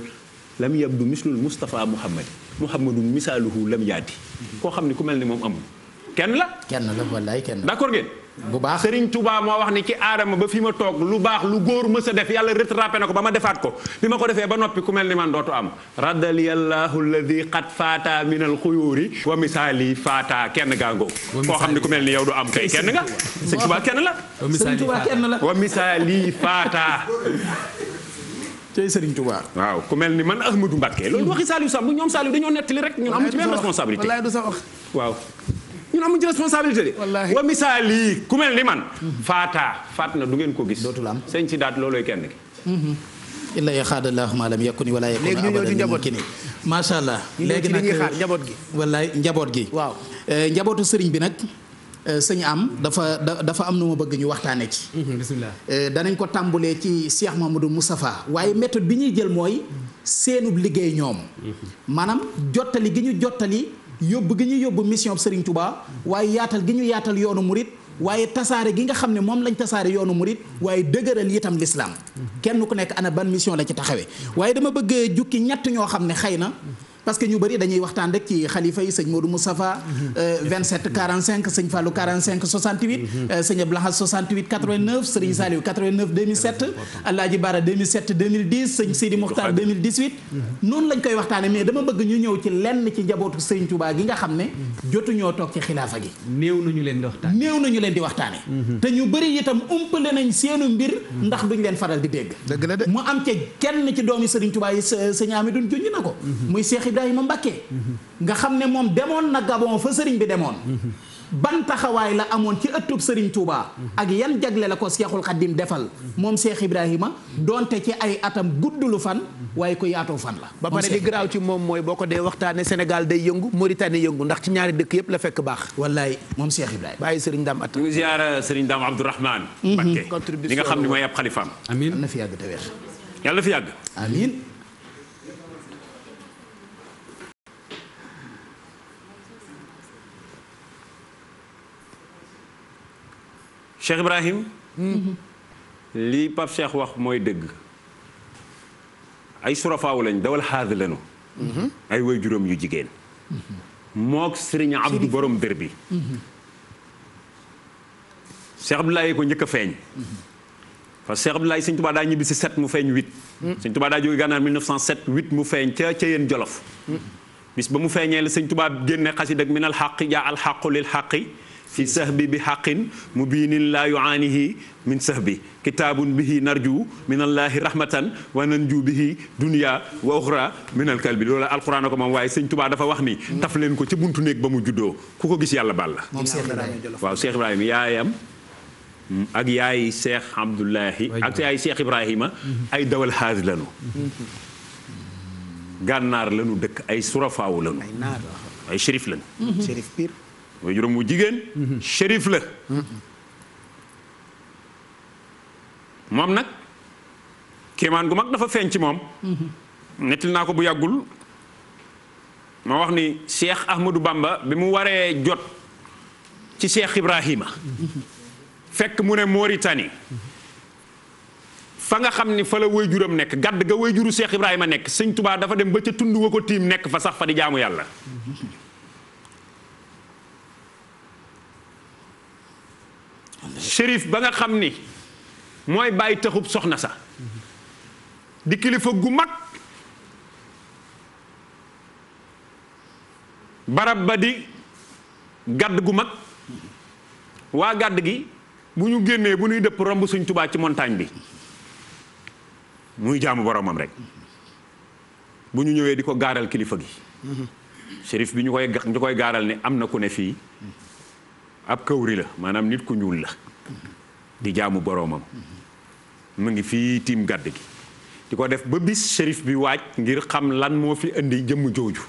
lam yabdu mislul Mustafa Muhammad Muhammadu misaaluhu lam yaati koo xam ni ku mel ni moom amul kenn la kenn la wallaay kenn d'accord ngeen bu baax Serigne Touba moo wax ni ci aadama ba fi ma toog lu baax lu góor mës sa def yàlla rattrapé na ko ba ma defaat ko bi ma ko defee ba noppi ku mel ni man dootu am radaliyallahu alladi qad faata min al xuyuuri wa misaali faata kenn gaangoo koo xam ne ku mel ni yow du am kay kenn nga Serigne Touba kenn la Serigne Touba kenn la wa faata tey Serigne Touba. waaw ku mel ni man Ahmadou Mbacké loolu waxi sax Samb ñoom Saliou dañoo nettali rek ñun amu ci même responsabilité sa waaw ñun amuñ ci responsabilité de. wa misaal yi ku mel ni man. faata faat na du ngeen ko gis. dootul am sëñ si daat loolooy kenn ki. Mm-hmm. illa yaxaada allahu ma lam yakun wala yakun abadan léegi ñu ñëw ci njaboot gi macha allah. léegi nag njaboot gi. wallaay njaboot gi. waaw eh, njabootu sëriñ bi nag. Eh, sëñ am dafa dafa am nu ma bëgg ñu waxtaanee ci. Mm-hmm, bisimilah eh, danañ ko tàmbulee ci Cheikh Mamadou Moustapha waaye méthode bi ñuy jël mooy seenub liggéey ñoom. Mm-hmm. maanaam jottali gi ñu jottali. yóbbu gi ñu yóbbu mission bi Serigne Touba waaye yaatal gi ñu yaatal yoonu murit waaye tasaare gi nga xam ne moom lañ tasaare yoonu murit waaye dëgëral itam lislaam kenn ku nekk ana ban mission la ci taxawee waaye dama bëgg jukki ñett ñoo xam ne xëy na parce que ñu bëri dañuy waxtaan rek ci xalifa yi sëñ Modou Moustapha 27 mhm. 45 euh, sëñ Fallou 45 68 mhm. euh, sëñ Ablaha 68 89 sëriñ mhm. Saliou 89 2007 Alaaji Bara 2007 2010 sëñ Sidi Mokhtar 2018 noonu lañ koy waxtaane mais dama bëgg ñu ñëw ci lenn ci njabootu sëñ Touba gi nga xam ne jotuñoo toog ci xilaafa gi néew nañu leen di waxtaane néew nañu leen di waxtaane te ñu bëri itam umpale nañ seenu mbir ndax duñ leen faral di dégg mu am ca kenn ci doomi sëriñ Touba yi sëñ Amidoune junj na ko muy Cheikh Ibrahima Mbacké nga xam ne moom demoon na Gabon fa sëriñ bi demoon ban taxawaay la amoon ci ëttub sëriñ Touba ak yan jagle la ko Seexul Xaddim defal moom Seex Ibrahima donte ci ay atam lu fan waaye ko yaatoo fan la ba pare di garaaw ci moom mooy boo ko dee waxtaane Sénégal day yëngu Mauritanie yëngu ndax ci ñaari dëkk yëpp la fekk baax wallaay moom Seex Ibrahima bàyyi sëriñ Dame Atta ñu ngi ziyaara sëriñ Dame Abdourahmane mhm. Mbacké li nga xam ne mooy ab xalifaam amiin yàlla na fi yàgg te wér yàlla fi yàgg Cheikh Ibrahim lii Pape Cheikh wax mooy dëgg ay surafaaw lañ dawal xaad lañu ay way juróom yu jigéen mook Serigne Abdou borom dër bi Cheikh Abdoulaye ko njëkk feeñ parce que Cheikh Abdoulaye Sëñ Tuubaa daa ñibbi si 7 mu feeñ 8 Sëñ Tuubaa daa jóge gànnaar 1907 8 mu feeñ ca ca yéen Jolof bis ba mu feeñee la Sëñ Tuubaa génne xasid ak min al xaqi jaa al xaqu lil xaqi fi sahbi bi xaqin mubiinin laa yuaanihi min sahbi kitaabun bihi narju min allaahi rahmatan wa nanju bihi dunya wa uxra min alkalbi loolu alquran ko moom waaye sëñ Tuubaa dafa wax ni taf leen ko ca buntu néeg ba mu juddoo ku ko gis yàlla baal la waaw Cheikh Ibrahima yaayam ak yaay Cheikh Abdoulahi ak yaay Cheikh Ibrahima ay dawal xaaj lanu gànnaar lanu dëkk ay surafaaw lanu ay shérif lanu shérif pire mooy juróom bu jigéen shérif la moom nag kémaan gu mag dafa feeñ ci moom nettali naa ko bu yàggul moo wax ni Cheikh Ahmadou Bamba bi mu waree jot ci Cheikh Ibrahima fekk mu ne Mauritanie fa nga xam ni fa la waajuram nekk gàdd ga waajuru Cheikh Ibrahima nekk Sëñ Tuubaa dafa dem ba ca tund wa ko tiim nekk fa sax fa di jaamu yàlla shérif ba nga xam ni mooy bàyyi taxub soxna sa di kilifa gu mag barab ba di gàdd gu mag waa gàdd gi bu ñu génnee bu ñuy dëpp romb suñ tubaa ci montagne bi muy jaamu boromam rek bu ñu ñëwee di ko gaaral kilifa gi shérif bi ñu koy ñu koy gaaral ne am na ku ne fii ab kawri la maanaam nit ku ñuul la di jaamu boroomam mu ngi fi tiim gàdd gi di ko def ba bis shérif bi waaj ngir xam lan moo fi indi jëmm jooju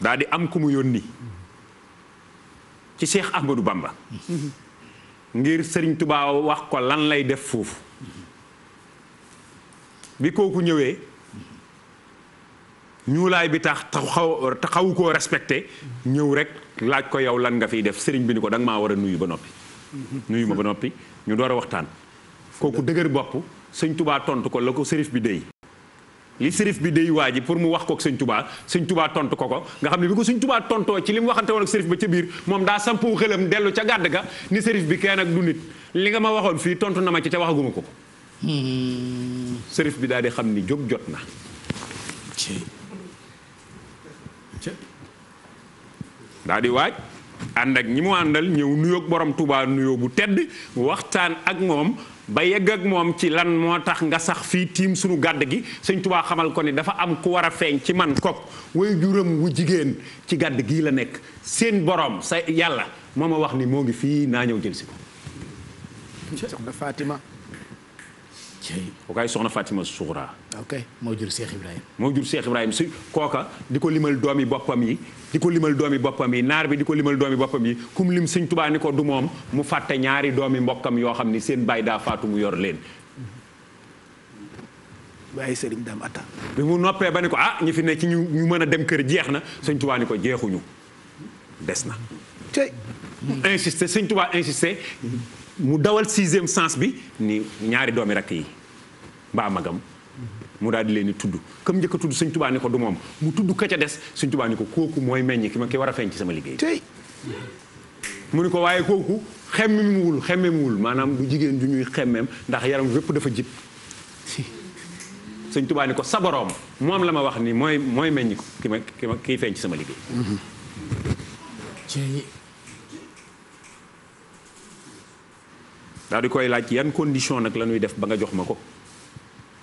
daa di am ku mu yónni ci Cheikh Ahmadou Bamba ngir Sëriñ Tuubaa wax ko lan lay def foofu bi kooku ñëwee ñuulaay bi tax taxaw taxawu koo respecté ñëw rek laaj ko yow lan nga fiy def sëriñ bi ni ko da nga war a nuyu ba noppi nuyu ma ba noppi ñu door a waxtaan kooku dëgër bopp sëñ tubaa tontu ko la ko sërif bi dey li sërif bi dey waa ji pour mu wax ko ak sëñ tubaa sëñ tubaa tontu ko ko nga xam ne bi ko sëñ tubaa tontoo ci li mu waxante woon ak sërif ba ca biir moom daa sampu xelam dellu ca gàdd ga ni sërif bi kenn ak du nit li nga ma waxoon fii tontu na ma ci ca waxaguma ko ko hmm. sërif bi daal di xam ni jóg jot na daa di waaj ànd ak ñi mu àndal ñëw nuyoog boroom tubaa nuyoo bu tedd waxtaan ak moom ba yegg ak moom ci lan moo tax nga sax fii tiim sunu gàdd gi sëñ Touba xamal ko ni dafa am ku war a feeñ ci man ko way juram wu jigéen ci gàdd gii la nekk seen boroom sa yàlla moo ma wax ni moo ngi fii naa ñëw jël ko. kookaay soxna Fatima Suxra ok moo jur Cheikh Ibrahima moo jur Cheikh Ibrahima si kooka di ko limal doomi boppam yi di ko limal doomi boppam yi naar bi di ko limal yi boppam yi kum lim sëñ Tuubaa ni ko du moom mu fàtte ñaari doomi mbokkam yoo xam ni seen baay daa faatu mu yor leen waaye sëriñ Dame Atta bi mu noppee ba ni ko ah ñi fi ne ci ñu ñu mën a dem kër jeex na sëñ Tuubaa ni ko jeexuñu des na te insisté sëñ Tuubaa insisté mu dawal sixième sens bi ni ñaari doomi rakk yi mbaa magam mu daal di leen di tudd comme njëkk tudd Sëñ Tuubaa ko du moom mu tudd ka ca des Sëñ Tuubaa ko kooku mooy meññ ki ma ki war a feeñ sama liggéey tey mu ni ko waaye kooku xemmemwul xemmemwul maanaam du jigéen ju ñuy xemmem ndax yaram wépp dafa jib Sëñ Tuubaa ko sa moom la ma wax ni mooy mooy meññ ki ma ki ma ci sama liggéey daal koy laaj yan condition nag la ñuy def ba nga jox ma ko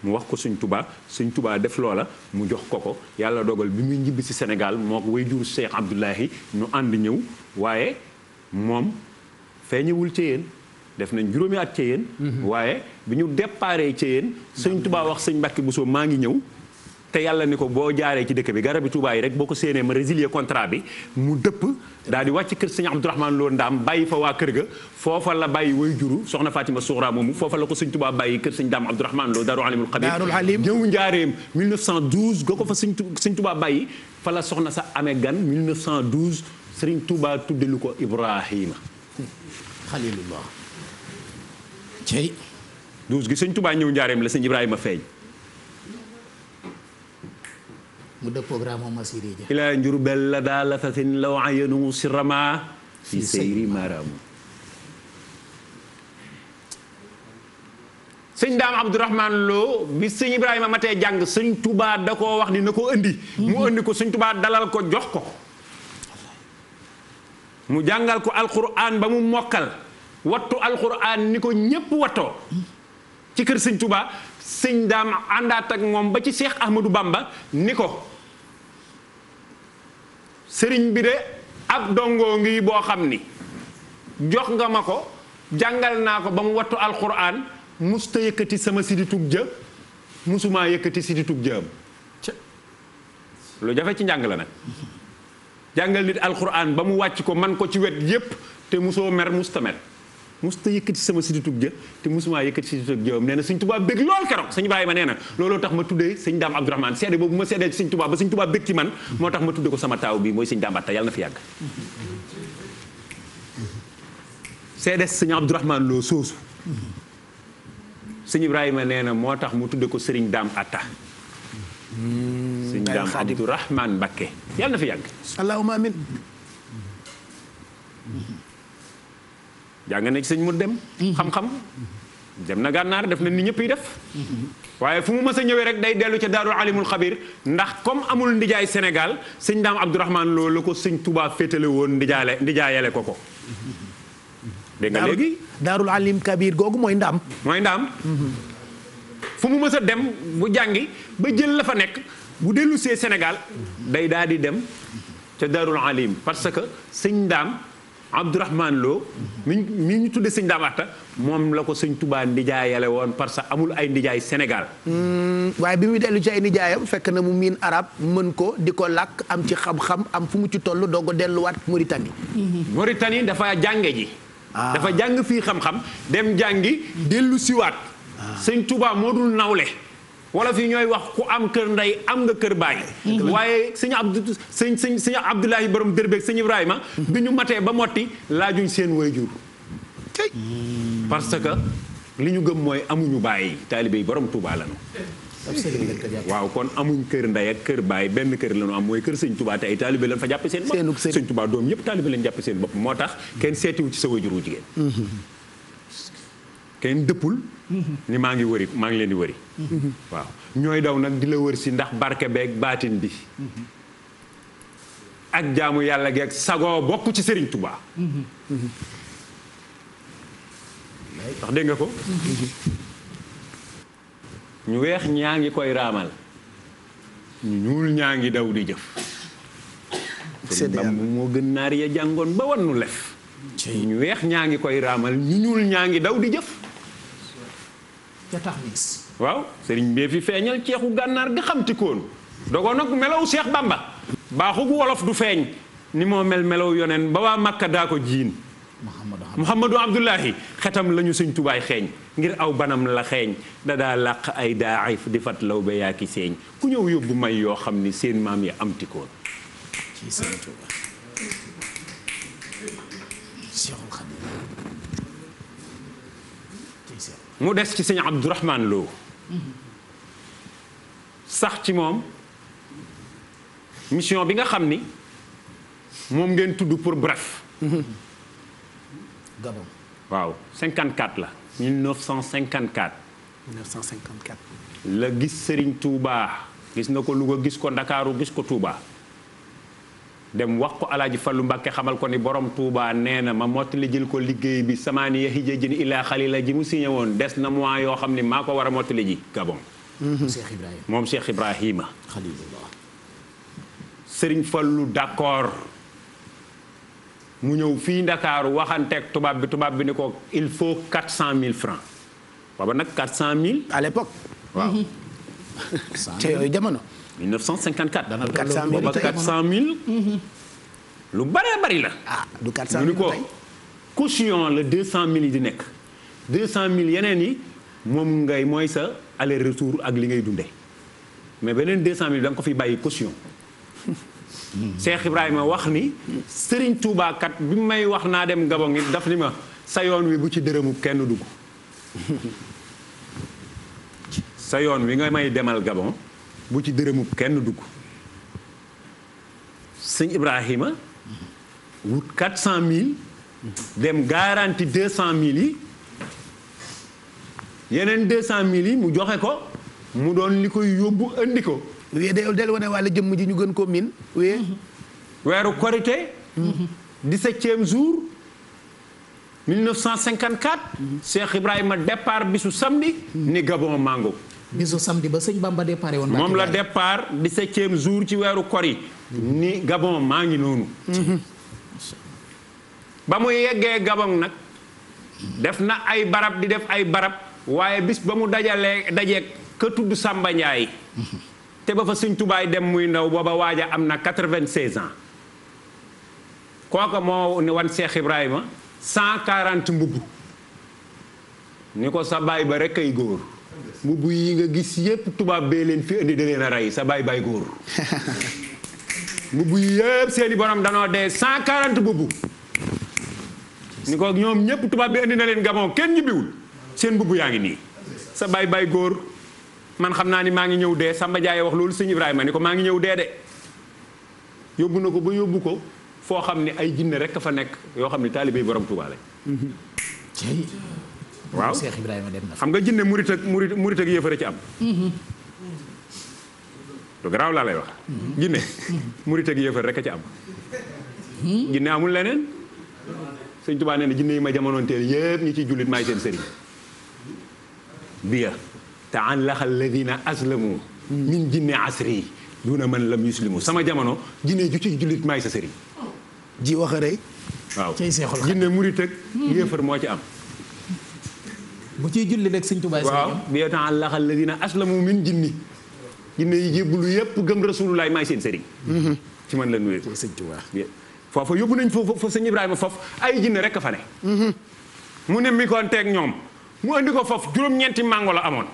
mu wax ko suñ tubaa suñ tubaa def loola mu jox ko ko yàlla dogal bi muy njibbi si Sénégal moo ko way jur Cheikh Abdoulahi ñu ànd ñëw waaye moom feeñewul ci yéen def nañ juróomi at ci yéen mhm. waaye bi ñu déparé ci yéen suñ tubaa wax sëñ Mbàkke Bousso maa ngi ñëw te yàlla ni ko boo jaaree ci dëkk bi garabi Touba yi rek boo ko séenee ma résilier contrat bi mu dëpp daal di wàcc kër sëñ Abdourahmane Lo Ndaam bàyyi fa waa kër ga foofa la bàyyi way juru soxna Fatima Suxra moomu foofa la ko sëñ Touba bàyyi kër sëñ Daam Abdourahmane Lo Daaru Alimul Xabir ñëw njaareem 1912 ga ko fa sëñ sëñ Touba bàyyi fa la soxna sa amee gan 1912 sëriñ Touba lu ko Ibrahima xalilullah cey 12 gi sëñ Touba ñëw njaareem la sëñ Ibrahima feeñ mu dëppoo gramo masiri ja daa lafatin law ayanu sirama sëñ daam abdourahman loo bi sëñ ibrahima matee jàng sëñ tubaa da koo wax ni na ko indi mu mhm. indi ko sëñ tubaa dalal ko jox ko mu jàngal ko alquran ba mu mokkal wattu alquran ni ko ñépp wattoo mhm. ci kër sëñ tubaa sëñ daam àndaat ak moom ba ci seex Ahmadou Bamba ni ko sëriñ bi de ak dongoo ngi boo xam ni jox nga ma ko jàngal naa ko ba mu wattu alxuraan musta yëkkati sama siditug jë musumaa yëkkati siditug jë am lu jafe ci njàng la nag jàngal nit alxuraan ba mu wàcc ko man ko ci wet yépp te musoo mer musta mer musuta yëkkati sama siditug jë te musumaa yëkkati siditug jëwam nee na sëñ tubaa bég lool keroog sëñ bàyyi ma nee na looloo tax ma tuddee sëñ daam abdourahmane seede boobu ma seedee sëñ tubaa ba sëñ tubaa bég ci man moo tax ma tudde ko sama taaw bi mooy sëñ daam atta yàlla na fi yàgg seede sëñ loo soosu sëñ ibrahima nee na moo tax mu tudde ko sëriñ daam atta hmm, sëñ daam abdourahmane mbakke yàlla na fi yàgg jàng na ci sëñ mu dem. xam-xam dem na gànnaar def na ni ñëpp yi def. waaye fu mu mës a ñëwee rek day dellu ca daarul alimul xabir ndax comme amul ndijaay Sénégal sëñ daam Abdourahman loolu la ko sëñ Touba féetale woon ndijaale ndijaayale ko ko. dégg nga léegi daarul alim kabir googu mooy ndaam. mooy ndaam. fu mu mës a dem bu jàngi ba jël la fa nekk bu dellusee see Sénégal day daal di dem ca daarul alim parce que sëñ ndaam. Abdourahmane loo mu mi ñu tuddee sëñ daamaata moom la ko sëñ Touba ndijaayale woon parce que amul ay nijaay Sénégal hmm, waaye bi muy dellu ci ay ndijaayam fekk na mu miin arab mën ko di ko làkk am ci xam-xam am fu mu ci toll doo ko delluwaat Mauritanie hmm. Mauritanie dafa jànge ji ah. dafa jàng fii xam-xam dem jàngi dellu siwaat ah. sëñ Touba moo dul nawle wala fi ñooy wax ku am kër ndey am nga kër baay. waaye sëñ Abdou sëñ sëñ sëñ Abdoulahi borom dërbeeg sëñ Ibrahima. bi ñu matee ba motti laajuñ seen wayjur. parce que li ñu gëm mooy amuñu bàyyi taalibe yi borom Touba lañu. waaw kon amuñ kër ndey ak kër baay benn kër lañu am mooy kër sëñ Touba te ay taalibe lañ fa jàpp seen bopp. sëñ Touba doom yëpp taalibe lañ jàpp seen bopp moo tax kenn seetiwu ci sa wayjur wu jigéen. Mhm. kenn dëppul mhm. ni maa ngi wëri maa ngi leen di wëri mhm. waaw ñooy daw nag di la wër si ndax barke beeg baatin bi mhm. ak jaamu yàlla geeg sagoo bokk ci sëriñ Touba. ndax dégg ko ñu weex ñaa ngi koy raamal ñu ñuul ñaa ngi daw di jëf bam moo gën naar ya jàngoon ba wannu lef ñu weex ñaa ngi koy raamal ñu ñuul ñaa ngi daw di jëf ca taxliis waaw sëriñ bee fi feeñal ceexu gànnaar ga xam ti koon dogoo nag melaw Cheikh Bamba baaxugu wolof du feeñ ni moo mel melow yoneen ba waa Makka daa ko jiin Muhammadu Abdullahi xetam lañu sëñ tubaay xeeñ ngir aw banam la xeeñ da daa làq ay daaxif di fat law ba yaa ki seeñ ku ñëw yóbbu may yoo xam ni seen maam yi am ti mu des ci sëñ Abdourahman loo sax ci moom mission bi nga xam ni moom ngeen tudd pour bref. Gabon. waaw 54 la. 1954. 1954. la gis Serigne Touba gis na ko Louga gis ko Ndakaaru gis ko tuubaa dem wax ko alaaji fallu mbàkke xamal ko ni borom Touba nee na ma mottali jël ko liggéey bi samaani ya xija jën illaa xalila ji mu signé woon des na mois yoo xam ni maa ko war a mottali ji Gabon mm-hmm. Cheikh Ibrahima moom Cheikh Ibrahima xalilullah sëriñ fallu d'accord mu ñëw fii ndakaaru waxanteek tubaab bi tubaab bi ni ko il faut quatre cent mille francs booba nag quatre cent mille à l'époque waaw mm-hmm. te yooyu euh, jamono 1954. daanaka 400 000 booba 400 000. lu bëree bëri la. ah du 400 000 ko caution la 200 000 yi di nekk. 200 000 yeneen yi moom ngay mooy sa aller retour ak li ngay dunde mais beneen 200 000 da nga ko fi bàyyi caution. Cheikh Ibrahima wax ni. Serigne Touba kat bi may wax naa dem Gabon it daf ni ma sa yoon wi bu ci dërëmu kenn dugg. sa yoon wi nga may demal Gabon. bu ci dërëmub kenn dugg sëñ Ibrahima wut quatre mille dem garanti deux cent mille yi yeneen deux cent mille yi mu joxe ko mu doon li koy yóbbu indi ko. wéy del wane wàlla jëmm ji ñu gën koo miin. wéy weeru korité. dix-septième jour. 1954. Cheikh Ibrahima départ bisu samedi. ni Gabon Mango. bisu samedi ba sëñ Bamba départ woon. moom la départ 17e jour ci weeru kor yi. ni Gabon maa ngi noonu. ba mu yeggee Gabon nag def na ay barab di def ay barab waaye bis ba mu dajalee dajeeg ka tudd Samba Ndiaye. te ba fa sëñ tubaay dem muy ndaw ba waaja am na 96 ans kooka moo ni wan Cheikh Ibrahima 140 mbubb ni ko sa baay ba rek ay góor. mbubb yi nga gis yépp tubaab bee leen fi indi da leen a rey sa baay baay góor mbubb yi yépp seeni borom danoo dee cent quarante mbubb ni ko ñoom ñépp tubaab bi indi na leen gabon kenn ñibbiwul seen mbubb yaa ngi nii sa baay baay góor man xam naa ni maa ngi ñëw dee Samba Ndiaye wax loolu sëñ Ibrahima ni ko maa ngi ñëw dee de yóbbu na ko ba yóbbu ko foo xam ne ay jinne rek a fa nekk yoo xam ne taalibe borom Tuubaa waaw Cheikh Ibrahima dem xam nga jinne murit ak murit murit ak yéefar ci am mhm. lu garaaw laa mhm. rek a ci am mhm. jinne amul leneen sëñ Tuubaa nee na jinne yi ma jamonoonteel yëpp ñu ciy jullit maay seen sëriñ biya ta'allaqa alladina aslamu min jinne asri duna man lam yuslimu sama jamono jinne ju ciy jullit maay sa sëriñ ji wax a rey waaw jinne murit yéefar moo ci am bu ciy julli rek sëñ Tuubaa waaw bi yow temps laxal la dina aslamu min jinni jinne yi jébbalu yépp gëm rasulullaay maay seen sëriñ mhm. ci man la nuyee sëñ Tuubaa foofa yóbbu nañ foofu foofu sëñ Ibrahima foofu ay jinne rek a fa ne mhm. mu ne mi koon ñoom mu indi ko foofu juróom-ñeenti mango la amoon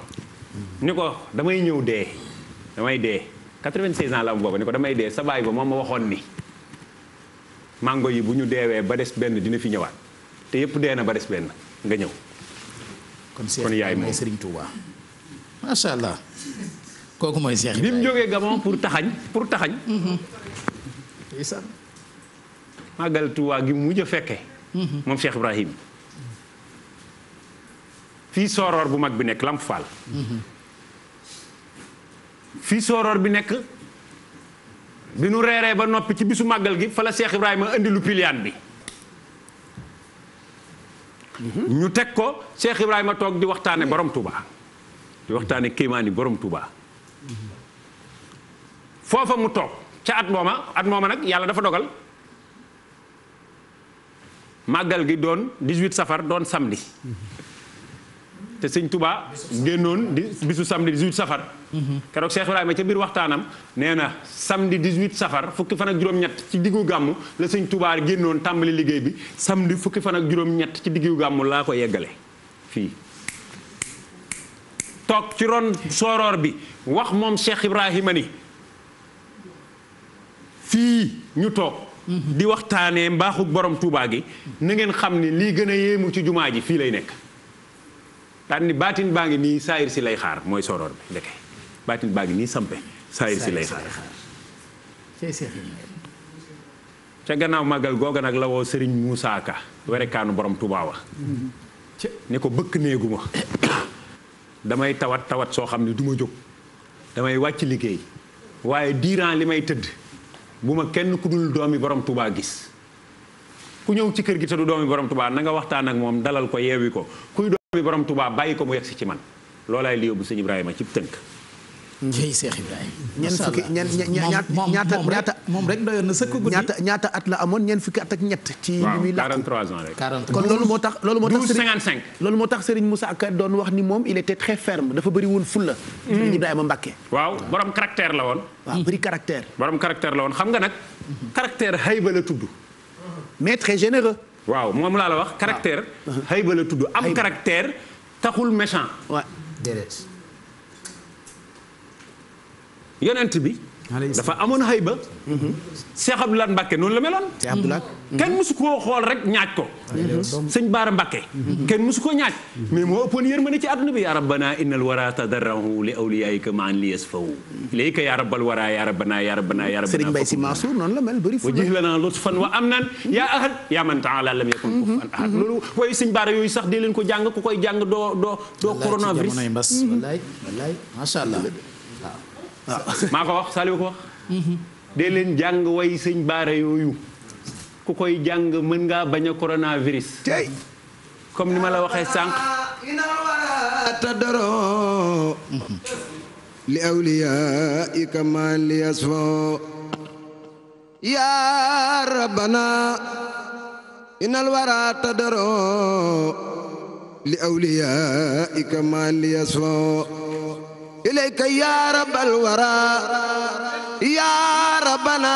ni ko damay ñëw dee damay dee 96 ans la am booba ni ko damay dee sa baay ba moom ma waxoon ni mango yi bu ñu deewee ba des benn dina fi ñëwaat te yépp dee na ba des benn nga ñëw kon Cheikh yaay mooy Serigne Touba macha allah kooku mooy seex bi mu jógee pour taxañ pour taxañ. isa mhm. màggal Touba gi mu mujj a fekkee. Mhm. moom Cheikh Ibrahim fii sooroor bu mag bi nekk Lamp Fall. Mhm. fii sooroor bi nekk bi nu reeree ba noppi ci bisu màggal gi fa la seex Cheikh Ibrahima indi lu piliyaan bi. ñu teg ko Cheikh Ibrahima toog di waxtaane borom Touba di waxtaane kéemaani borom Touba foofa mu toog ca at mooma at mooma nag yàlla dafa dogal màggal gi doon 18 safar doon samedi te sëñ Touba génnoon di bisu samedi 18 safar keroog Cheikh Ibrahima ca biir waxtaanam nee na samedi 18 safar fukki fan ak juróom-ñett ci diggu gàmmu la sëñ Touba génnoon tàmbali liggéey bi samedi fukki fan ak juróom-ñett gàmmu laa ko yeggale fii toog ci ron sooroor bi wax moom Cheikh Ibrahima ni fii ñu toog di waxtaanee mbaaxu borom Touba gi na ngeen xam ni lii gën a yéemu ci jumaa ji fii lay nekk daan ni baatin baa ngi nii saayir si lay xaar mooy soroor bi ndeke baatin baa ngi nii sampe saayir si lay xaar ca gannaaw màggal googa nag la woo Serigne Moussa Ka werekaanu borom Touba wa ni ko bëkk néegu damay tawat tawat soo xam ne duma jóg damay wàcc liggéey waaye diiran li may tëdd bu ma kenn ku dul doomi borom Touba gis ku ñëw ci kër gi te du doomi borom Touba na nga waxtaan ak moom dalal ko yeewi ko bi borom Touba bàyyi ko mu yegsi ci man loolaay li yóbbu sëñ Ibrahima ci tënk. ñaata at la amoon ñeen fukki at ak ñett. ci li kon loolu moo tax loolu moo doon wax ni moom il était très ferme dafa bëri woon fulla. Serigne Ibrahima Mbacké. waaw borom caractère la woon. waaw bëri caractère. borom la woon xam nga nag. caractère xayba la tudd. mais très généreux. waaw moom laa la wax caractère. xayba ah. la tudd am caractère taxul méchant. waaw déedéet. yonent bi. dafa amoon xayba. Mhm. Cheikh Abdou Lahad Mbacké noonu la meloon. Cheikh Abdou Lahad. Mhm. kenn mësu koo xool rek ñaaj ko. Mhm. sëñ Baara Mbacké. kenn mësu koo ñaaj. mais moo ëppoon yërmande ci àdduna bi yaa rabbana innal wara tadarrahu li awliyaika maan li yasfawu. ilayka yaa rabbal wara yaa rabbana yaa rabbana yaa rabbana. Sëriñ Mbaye Sy Mansour noonu bëri fu. wa jihlanaa lutfan wa amnan yaa ahad yaa man taala lam yakun kufan ahad. loolu waaye yooyu sax dee leen ko jàng ko koy jàng doo doo doo coronavirus. wallaay macha allah waaw ah. maa ko wax Saliou ko wax. dee leen jàng way sëñ baara yooyu ku koy jàng mën ngaa bañ a coronavirus. tey comme ni ma la waxee sànq. tadaro li awliyaika ma li yasfo ya rabbana ilayka yaa rabbal waraa yaa rabbana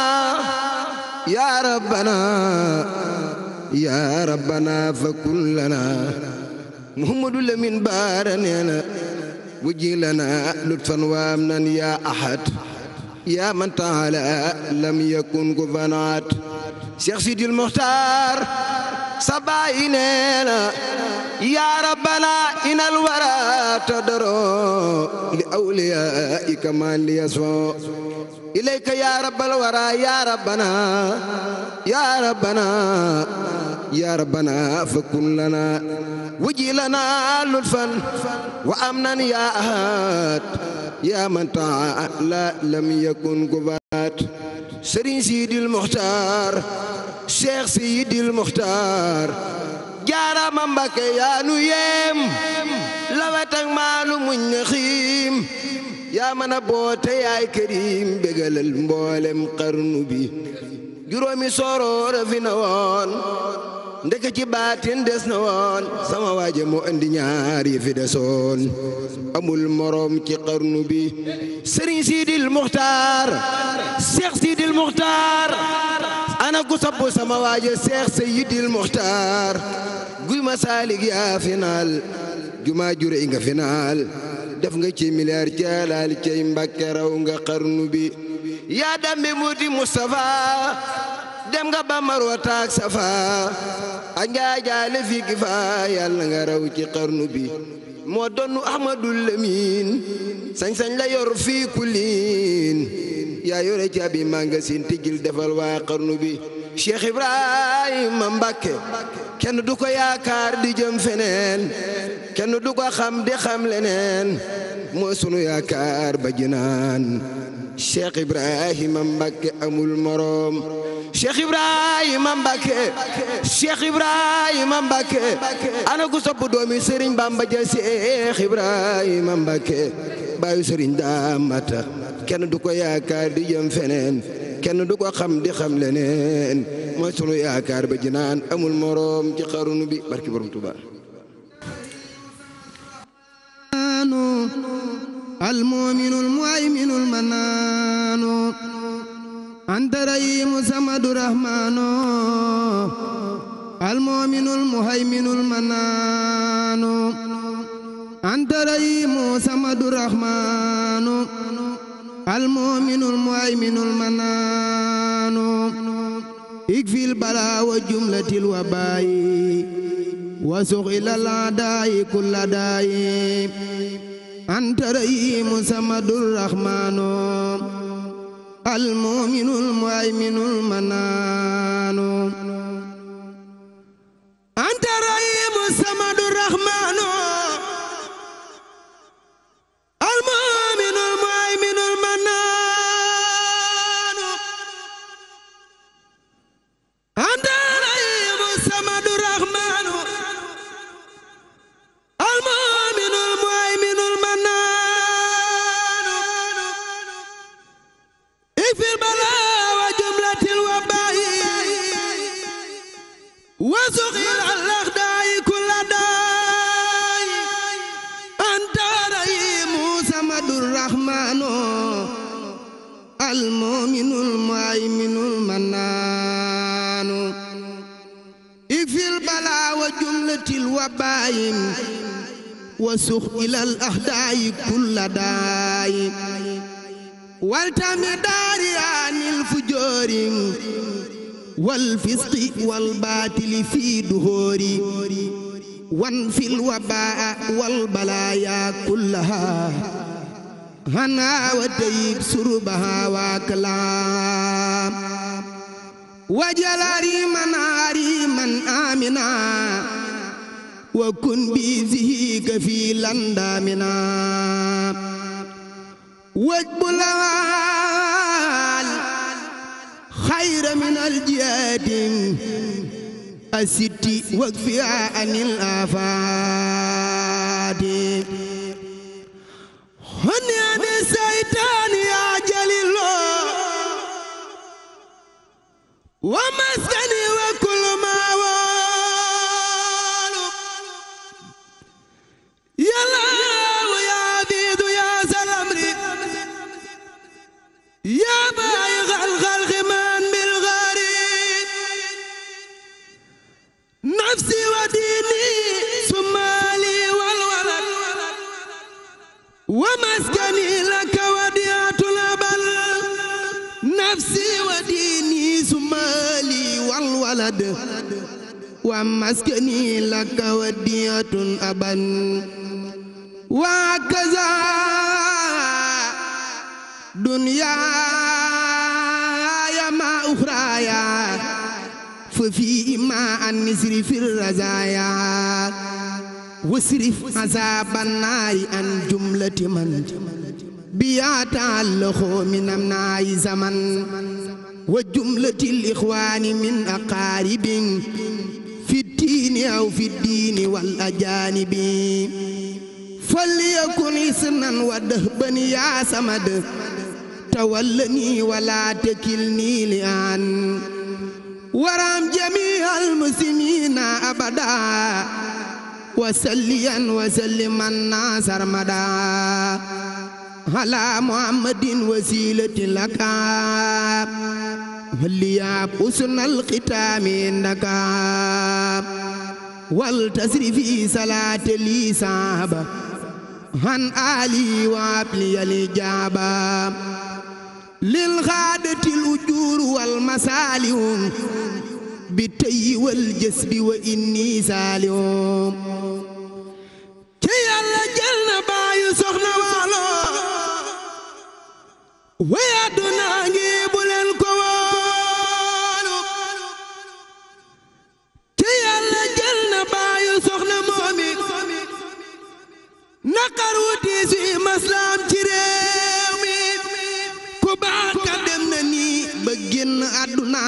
yaa rabbana yaa rabbana fa kun lana muhammadu lamin baara nee na wujji lana lutfan waam nan yaa ahad yaa man taala lam yakun ku fanaat Cheikh Sidil Muxtaar sa baay nee na ربنا إن الورى تدرو لأوليائك ما ليسوء إليك يا رب الورى يا ربنا يا ربنا يا ربنا فكن لنا وجي لنا لطفا وأمنا يا أهات يا من تعالى لم يكن قبات سرين سيدي المختار شيخ سيدي المختار jaarama Mbàkke yaa nu yem lawet ak maanu yaa mën a boote yaay kërim bégalal mboolem xarnu bi juróomi soroor fi na woon ndeke ci baatin des na woon sama waaje moo indi ñaar yi fi desoon amul moroom ci xarnu bi sëriñ siidil muxtaar seex siidil muxtaar ana ku sopp sama waaje seex sayyidil muxtaar guy ma yaa finaal jumaa jure i nga finaal def nga ci miliyaar ci alaal raw nga xarnu bi yaa dambe muuti Mustafa dem nga ba marwa taak safa ak ngaa jaale yàlla nga raw ci xarnu bi moo donnu ahmadul lamin sañ-sañ la yor fii kulliin yaa yore caabi magasin tijjil defal waa xarnu bi Cheikh Ibrahima Mbacke kenn du ko yaakaar di jëm feneen kenn du ko xam di xam leneen moo sunu yaakaar ba jinaan Cheikh Ibrahima Mbacke amul moroom Cheikh Ibrahima Mbacke Cheikh Ibrahima Mbacke ana ku sopp doomi Serigne Bamba ja Cheikh Ibrahima Mbacke baayu Serigne Daamata kenn du ko yaakaar di jëm kenn du ko xam di xam leneen mooy sunu yaakaar ba amul moroom ci xarunu bi barki borom Tuubaa المؤمن المؤمن المنان أنت رحيم سمد رحمن المؤمن المهيمن المنان أنت رحيم سمد رحمن المؤمن المهيمن المنان اكفي البلاء وجملة الوباء وسوق إلى الأعداء كل داء anta rahimu samadu rahmaanu almuuminu almuhayminu almanaanu anta rahimu samadu rahmaanu wasux ilal ahdaayi kulla daayi waltami daariyaanil fujoorim wal fisqi wal baatili fii duhoori wan fil wabaa wal balaaya kullaha hanaa wa tayib surubaha wa kalaam wajal ariman ariman amina wa kun biisihi ka fi landaamina waj bu laal xayra min aljihaatin asitti wag fiha anil afaati honi ani seytaani yaa jaliloo wa mas أذاب النار عن جملة من بيتعلق من أمناع زمن وجملة الإخوان من أقارب في الدين أو في الدين والأجانب فليكن حسنا ودهبا يا سمد تولني ولا تكلني لأن ورام جميع المسلمين أبدا وسليا وسلما ناصر مدا على محمد وسيلة لك هليا حسن الختام عندك والتسري في صلاة لي صحابة عن آلي وابلي الإجابة للغادة الأجور والمسالم bi tey wal wa inni saalihoom ci yàlla jël na baayu soxna waalo way àdduna ngi bu ko waalo ci yàlla jël na baayu soxna moomi naqar wu tiis wi maslaam ci réew mi ku baax ka dem na nii ba génn àdduna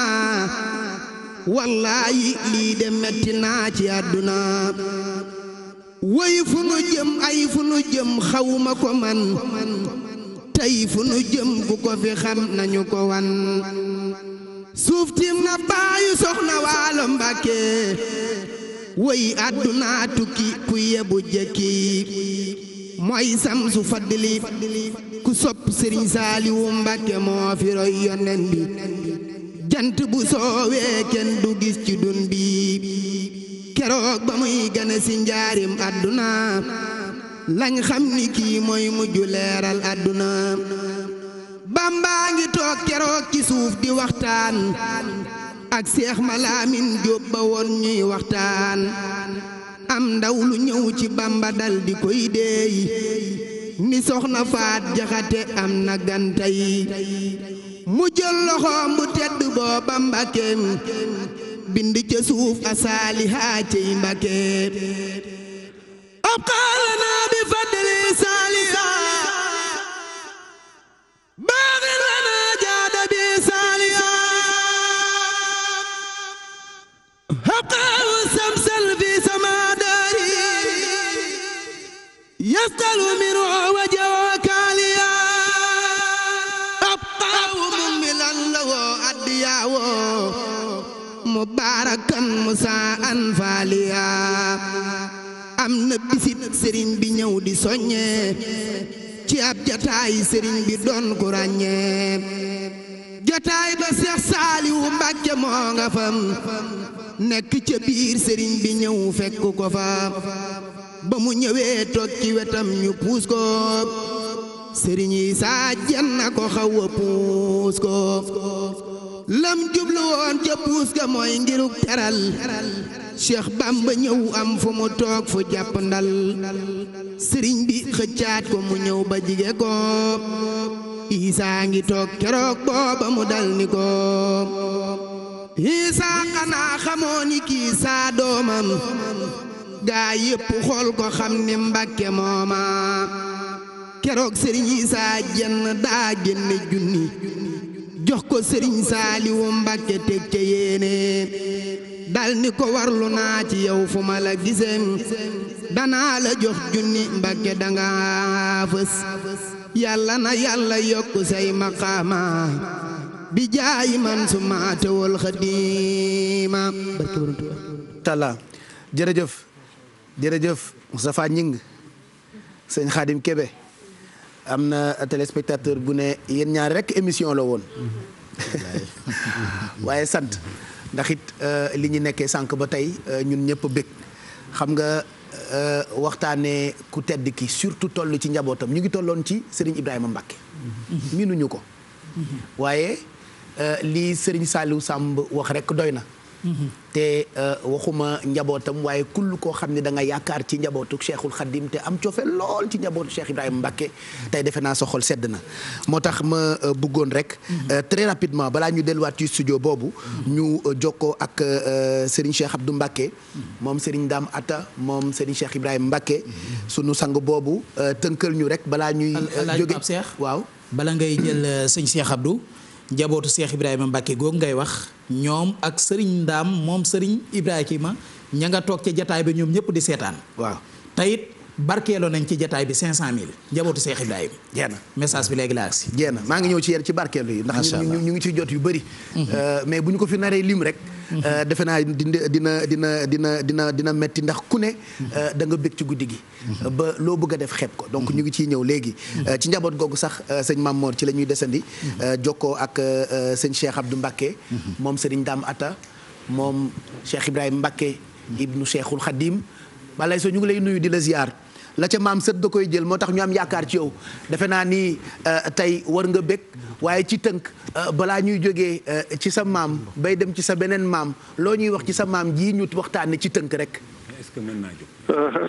wallaayi lii de metti naa ci àdduna woy fu nu jëm ay fu nu jëm xawma ko man tey fu nu jëm bu ko fi xam nañu ko wan suuf tiim na baayu soxna waalo mbàkke woy àdduna tukki ku yebu jëkki mooy sam faddili ku sopp sëriñ saaliwu mbàkke moo fi roy yonen bi jant bu soowee kenn du gis ci dun bi keroog ba muy gane si njaarim àdduna lañ xam ni kii mooy mujj leeral àdduna bambaa ngi toog keroog ci suuf di waxtaan ak seex malaamin jóob ba woon ñuy waxtaan am ndaw lu ñëw ci bamba dal koy deey ni soxna faat jaxate am na gantay mu jël loxoom bu booba mbàkke bind ca suuf asaalihaa cey mbàkke ab xaalanaa bi fadli saalisa baaxin lanaa jaada bi saalisa xaqaawu samsal fi sama daari yastalu min wajawaka daawo mubaarakan musa anfaaliya am na bisit sëriñ bi ñëw di soññe ci ab jotaay sëriñ bi doon ku ràññe Seex Saaliwu Mbàkke moo nga fam nekk ca sëriñ bi ñëw fekk ko fa ba mu ñëwee toog ci wetam ñu puus ko sëriñ yi saa jenn na ko xaw puus ko lam jublu woon ca puus ga mooy ngiruk teral cheikh bamba ñëw am fu mu toog fu jàpp ndal sëriñ bi xëccaat ko mu ñëw ba jige ko isaa ngi toog keroog booba mu dal ni ko isaa xanaa xamoo ni kii saa doomam gaa yépp xool ko xam ni mbàkke mooma keroog sëriñ isaa jenn daa génne junni jox ko sëriñ saaliwu mbàkke teg ca yéene dal ni ko warlu naa ci yow fu ma la gisem danaa la jox junni mbàkke danga fës yàlla na yàlla yokk say maqaama bi jaayi man su ma tewal xadiima talla jërëjëf jërëjëf Moustapha Ñing sëñ Xaadim Kebe am na téléspectateur bu ne yéen ñaar rek émission la woon waaye sadd ndax it euh, li ñu nekkee sànq ba tey euh, ñun ñëpp bég xam nga euh, waxtaanee ku tedd ki surtout toll ci njabootam ñu ngi tolloon ci Serigne Ibrahima Mbacke. Mm-hmm. miinuñu ko. Mm-hmm. waaye li sëriñ Saliou Samb wax rek doy na. te euh, waxuma njabootam waaye kull koo xam ne da nga yaakaar ci njabootu cheikhul xadim te am cofe lool ci njabootu cheikh ibrahima mbàkke tey defe naa soxol sedd na moo tax ma euh, bëggoon rek mhm. euh, très rapidement balaa ñu delluwaat ci studio boobu mhm. ñu jokkoo ak Serigne Cheikh Abdou Mbàkke mhm. moom Serigne daam Atta moom Serigne Cheikh Ibrahima Mbàkke sunu sang boobu tënkal ñu rek balaa ñuy jóge waaw balaa ngay jël sëñ Cheikh Abdou njabootu Cheikh Ibrahima Mbacke googu ngay wax ñoom ak sëriñ Ndaam moom sëriñ Ibrahima ña nga toog ca jataay bi ñoom ñëpp di seetaan waaw tayit barkeeloo nañ ci jataay bi 500000 njabootu Cheikh Ibrahima. jéem message bi léegi laa si. jéem maa ngi ñëw ci yéen ci barkeelu yi. ndax ñu ñu ngi ciy jot yu bëri. Mhm. Euh, mais bu ñu ko fi naree lim rek. Mhm. Euh, defe naa dina dina dina dina dina dina metti ndax ku ne. Euh, mhm. da nga bëgg ci guddi gi. ba loo bëgg a def xeeb ko donc ñu ngi ciy ñëw léegi. ci njaboot googu sax sëñ Mamor ci la ñuy desandi. jokkoo ak sëñ Cheikh du Mbacké. moom sëriñ Dame Atta moom Cheikh Ibrahima Mbacké. ibnu Cheikhul Khadim. balay so ñu ngi lay nuyu di la ziar la ca maam sët da koy jël moo tax ñu am yaakaar ci yow defe naa ni euh, tey war nga bég waaye ci tënk euh, balaa ñuy jóge euh, ci sa maam bay dem ci sa beneen maam loo ñuy wax ci sa maam jii ñu waxtaane ci tënk rek. est-ce que mën naa jóg.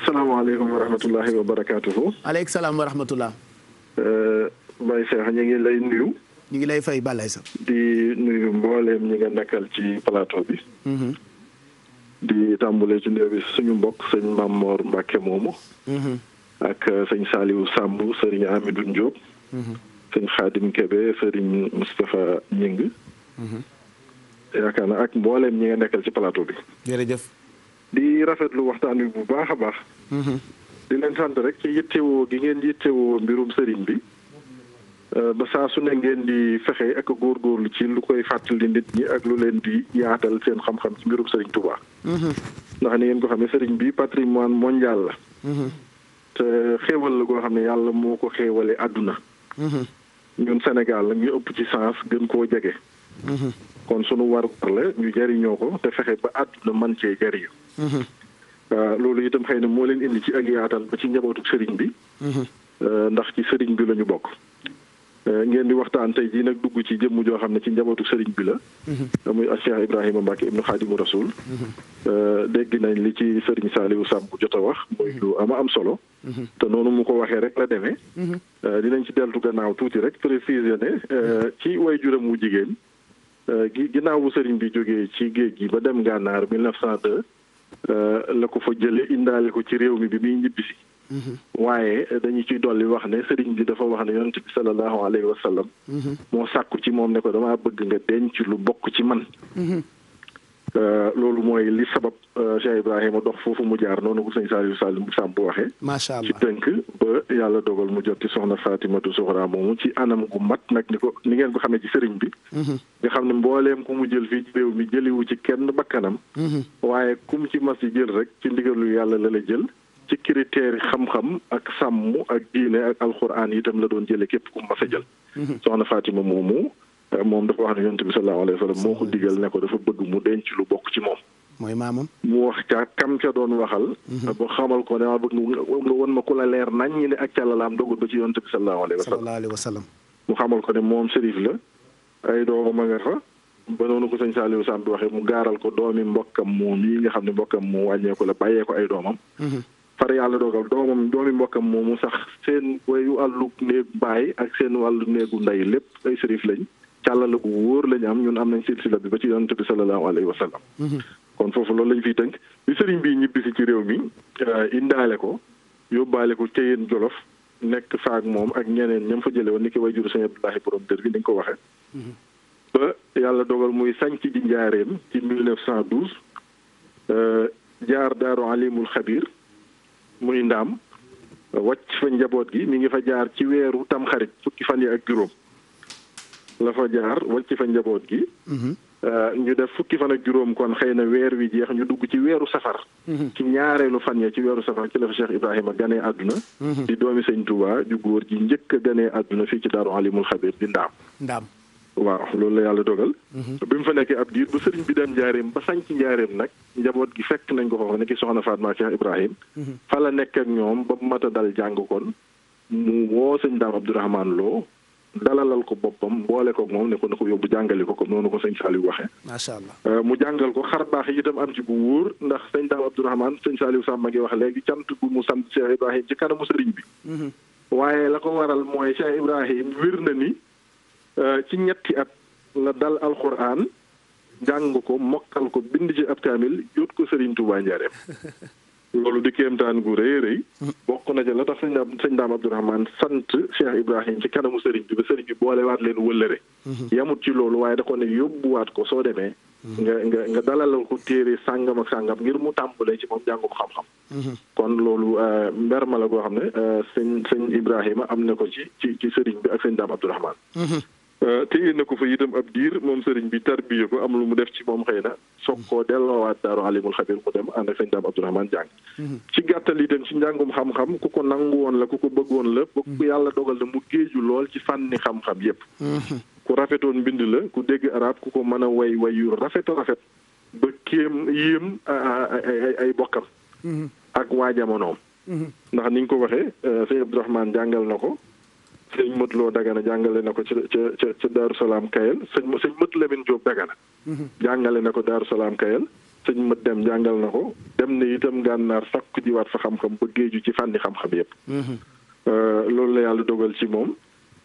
asalaamaaleykum wa rahmatulahi wa barakaatuhu. aleykum salaam wa rahmatulah. Baye Cheikh ñu ngi lay nuyu. ñu ngi lay fay Balaye sax. di nuyu mbooleem ñi nga nekkal ci plateau bi. Mm-hmm. di tàmbale ci néew bi suñu mbokk sëñ Mamor Mbacke moomu. Mhm. ak euh, sëñ Saliou Samb sëriñ Amidou Ndiop. Mhm. sëñ Khadim Kebe sëriñ Moustapha Ñing mhm. yaakaar na ak mbooleem ñi nga nekkal ci plateau bi. jërëjëf. di rafetlu waxtaan wi bu baax a baax. di leen sant rek ci yittewoo gi ngeen yittewoo mbirum sëriñ bi. Euh, ba saa su ne ngeen di fexe ak góorgóorlu ci lu koy fàttali nit ñi ak lu leen di yaatal seen xam-xam ci mbirum Serigne Touba. Mhm. ndax ni ngeen ko xamee Serigne bi patrimoine mondial la. Mhm. te xéewal la goo xam ne yàlla moo ko xéewalee àdduna. Mhm. ñun senegal la ñu ëpp ci sens gën koo jege. kon sunu war la ñu jariñoo ko te fexe ba àdduna man cee jariñu. Euh, loolu itam xëy na moo leen indi ci ak yaatal ba ci njabootu sëriñ bi. Euh, ndax ci sëriñ bi lañu bokk. Euh, ngeen di waxtaan tey jii nag dugg ci jëmm joo xam ne ci njabootu sëriñ bi la. Mm-hmm. muy Cheikh Ibrahima Mbacke ibnu Xaadimu Rasul. Mm-hmm. Euh, dégg nañ li ci sëriñ Saliou Samb jot a wax. muy lu mm-hmm. ama am solo. te noonu mu ko waxee rek la demee. Euh, dinañ ci deltu gannaaw tuuti rek préciser ne ci way juram wu jigéen. gi ginnaaw bu sëriñ bi jógee ci géej gi ba dem gànnaar 1902 la ko fa jëlee indaale ko ci réew mi bi muy ñibbisi. Mm-hmm. waaye eh, dañu ciy dolli wax ne sëriñ bi dafa wax ne yonent bi sallallahu alayhi wa sallam mm-hmm. moo sàkku ci moom ne ko damaa bëgg nga denc lu bokk ci man mm-hmm. eh, loolu mooy li sabab eh, Cheikh Ibrahima dox foofu mu jaar noonu ko sëñ Saliou Saliou samp waxee macha allah ci tënk ba yàlla dogal mu jot ci soxna Fatimatu Soxra moomu ci anam gu mat nag ni ko ni ngeen ko xamee ci sëriñ bi nga xam ne mbooleem ku mu jël fii ci réew mi jëliwu ci kenn bakkanam waaye kum ci mas yi jël rek ci ndigalu yàlla la la jël ci critères xam-xam ak sàmm ak diine ak alxuraan itam la doon jëlee képp ku mas a jël. Mhm. soxna Fatima moomu euh, moom dafa wax ne yonent bi sallallahu alayhi wa sallam moo ko digal ne ko dafa bëgg mu denc lu bokk ci moom. mooy maamam mu wax ca kam ca doon waxal. Mhm. ba xamal ko dama bëgg nga ma ku la leer nañ ñi ne ak càllalaam dogul ba ci yonent bi sallallahu alayhi wa sallam. moom sërif la ay doomam a nga fa. ba noonu ko sëñ Saliou Samb bi waxee mu gaaral ko doomi mbokkam moom yi nga xam ne mbokkam mu wàññeeku la bàyyee ko ay doomam. Mhm. far yàlla dogal doomam doomi mbokkam moomu sax seen wayu àllu néeg baay ak seen wàllu néegu ndey lépp ay sërif lañ càllala ko wóor lañ am ñun am nañ silsila bi ba ci yonante bi sallallahu alayhi wa sallam mhm. kon foofu loolu lañ fiy tënk bi sëriñ bi ñibbisi ci réew mi euh, indaale ko yóbbaale ko ceyeen jolof nekk faak moom ak ñeneen ñam fa jële woon ni ki way juru sëñ Abdoulahi borom dër bi ni ko waxee mhm. ba yàlla dogal muy sanc di njaareem ci 1912 euh, jaar daaru alimul xabir muy ndaam wàcc fa njaboot gi mu ngi fa jaar ci weeru tamxarit fukki fan yi ak juróom la fa jaar wàcc fa njaboot gi mhm. euh, ñu def fukki fan ak juróom kon xëy na weer wi jeex ñu dugg ci weeru safar mhm. ci ñaareelu fan ya ci weeru safar ci la fa Cheikh Ibrahima ganee àdduna mhm. di doomi sëñ Touba ju góor ji njëkk a ganee àdduna fii ci daaru alimul xabir di ndaam ndaam waaw loolu la yàlla dogal. Mhm. bi mu fa nekkee ab diir bu sëriñ bi dem njaareem ba sanc njaareem nag njaboot gi fekk nañ ko foofu nekk soxna Fatma Cheikh Ibrahim. Mhm. fa la nekk ak ñoom ba mu mat a dal jàng kon mu woo sëñ Daam Abdourahmane Lo dalalal ko boppam boole ko moom ne ko na ko yóbbu jàngale ko comme noonu ko sëñ Saliou waxee. macha allah euh, mu jàngal ko xar baax yi itam am ci bu wóor ndax sëñ Daam Abdourahmane sëñ Saliou Samb ngi wax léegi cant bu mu sant Cheikh Ibrahim bi. Mhm. waaye la ko Euh, ci ñetti at la dal alxuraan jàng ko mokkal ko bind ci ab kaamil yóot ko Serigne Touba Ndiarème loolu di kéemtaan gu rëy rëy bokk na ci la tax sëñ daam sëñ daam Abdourahmane sant Cheikh Ibrahim ci kanamu sëriñ bi ba Serigne bi boolewaat leen wëllëre yamut ci loolu waaye da ko ne yóbbuwaat ko soo demee nga nga nga dalal ko téere sàngam ak sàngam ngir mu tàmbalee ci moom jàngu ko xam-xam kon loolu euh, mber ma la koo xam ne euh, sëñ sëñ Ibrahima am na ko ci ci ci Serigne bi ak sëñ daam Abdourahmane Euh, téye na ko fa itam ab diir moom sëriñ bi tarbiye ko am lu mu def ci moom xëy na soog mm-hmm. koo delloowaat daaru alimul xabir mu dem ànd ak sëñ daam abdourahman jàng mm-hmm. ci gàttal itam ci njàngum xam-xam ku ko nangu woon la ku ko bëggoon la ba ku mm-hmm. yàlla dogal na mu géeju lool ci fànni xam-xam yépp ku rafetoon mbind la ku dégg arab ku ko mën a way way yu rafet a rafet ba kéem yéem ay ay bokkam ak waa jamonoom ndax ni ko waxee euh, sëñ abdourahman jàngal na ko sëñ Modou Lo Dagana jàngale na ko ca ca ca Daaru Salaam Kayel sëñ sëñ Modou Lamine Diop Dagana. Mhm. jàngale na ko Daaru Salaam Kayel. sëñ Modou dem jàngal na ko dem na itam gànnaar sakku jiwaat fa xam-xam ba ju ci fànni xam-xam yépp mhm. euh, loolu la yàlla dogal ci moom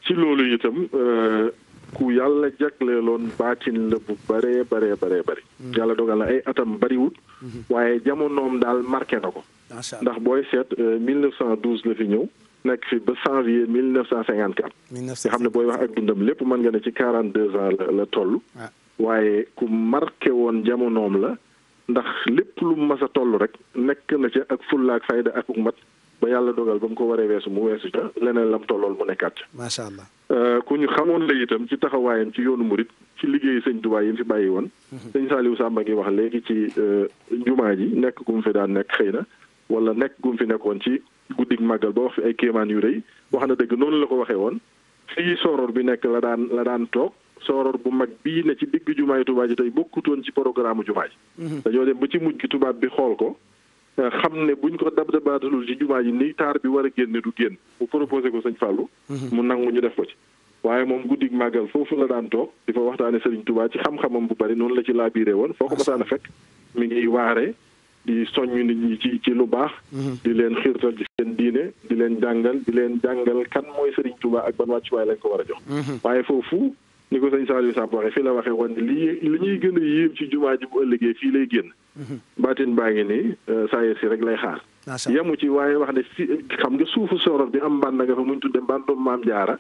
ci loolu itam euh, ku yàlla jagleeloon baatin la bu bare baree baree bëri. Mhm. yàlla dogal na ay atam bariwut. waaye jamonoom daal marqué na ko. ndax booy seet 1912 euh, la fi ñëw. nekk fi ba janvier mille neuf cent cinquante quatre nga xam ne booy wax ak dundam lépp mën nga ne ci quarante deux ans la toll ah. waaye ku marqué woon jamonoom la ndax lépp lu mu mas a toll rek nekk na ca ak fulla ak fayda ak mat ba yàlla dogal ba mu ko waree weesu mu weesu ca leneen lam tollool mu nekkaat ca macha allah euh, ku ñu xamoon la itam ci taxawaayam ci yoonu murit ci liggéeyu sëñ Tuubaa yi mu fi bàyyi woon mhm. sëñ Saaliwu Sàmba ngi wax léegi ci euh, jumaa ji nekk gu mu fi daan nekk xëy na wala nekk guddig màggal ba wax fi ay kéemaan yu rëy wax na dëgg noonu la ko waxee woon fii sooroor bi nekk la daan la daan toog sooroor bu mag bii ne ci digg jumaay Tuubaa ji tey bokkutoon ci programme jumaa ji mhm. dañoo dem ba ci tubaab bi xool ko euh, xam ne buñ ko dab dabaatalul ci jumaa ji ni taar bi war a génne du génn mu proposé ko sëñ Fallou mhm. mu nangu ñu def ko ci waaye moom guddig màggal foofu la daan toog di fa waxtaane Sëriñ Tuubaa ci xam-xamam bu bari noonu la ci laabiire woon foo ko masaan a fekk mi ngi waare di soññ nit ñi ci ci lu baax. Mhm. di leen xiirtal ci seen diine di leen jàngal di leen jàngal kan mooy Serigne tubaa ak ban wàccuwaay lañ ko war a jox. Mhm. waaye foofu ni ko sëñ Saliou Samb waxee fii la waxee woon li li ñuy gën a yéem ci jumaa ji bu ëllëgee fii lay génn. Mhm. baatin baa ngi nii euh, saayir si rek lay xaar. yemu ci waaye wax ne si xam nga suufu sorof bi am mbànd nga fa muñ tudde mbàndum maam jaara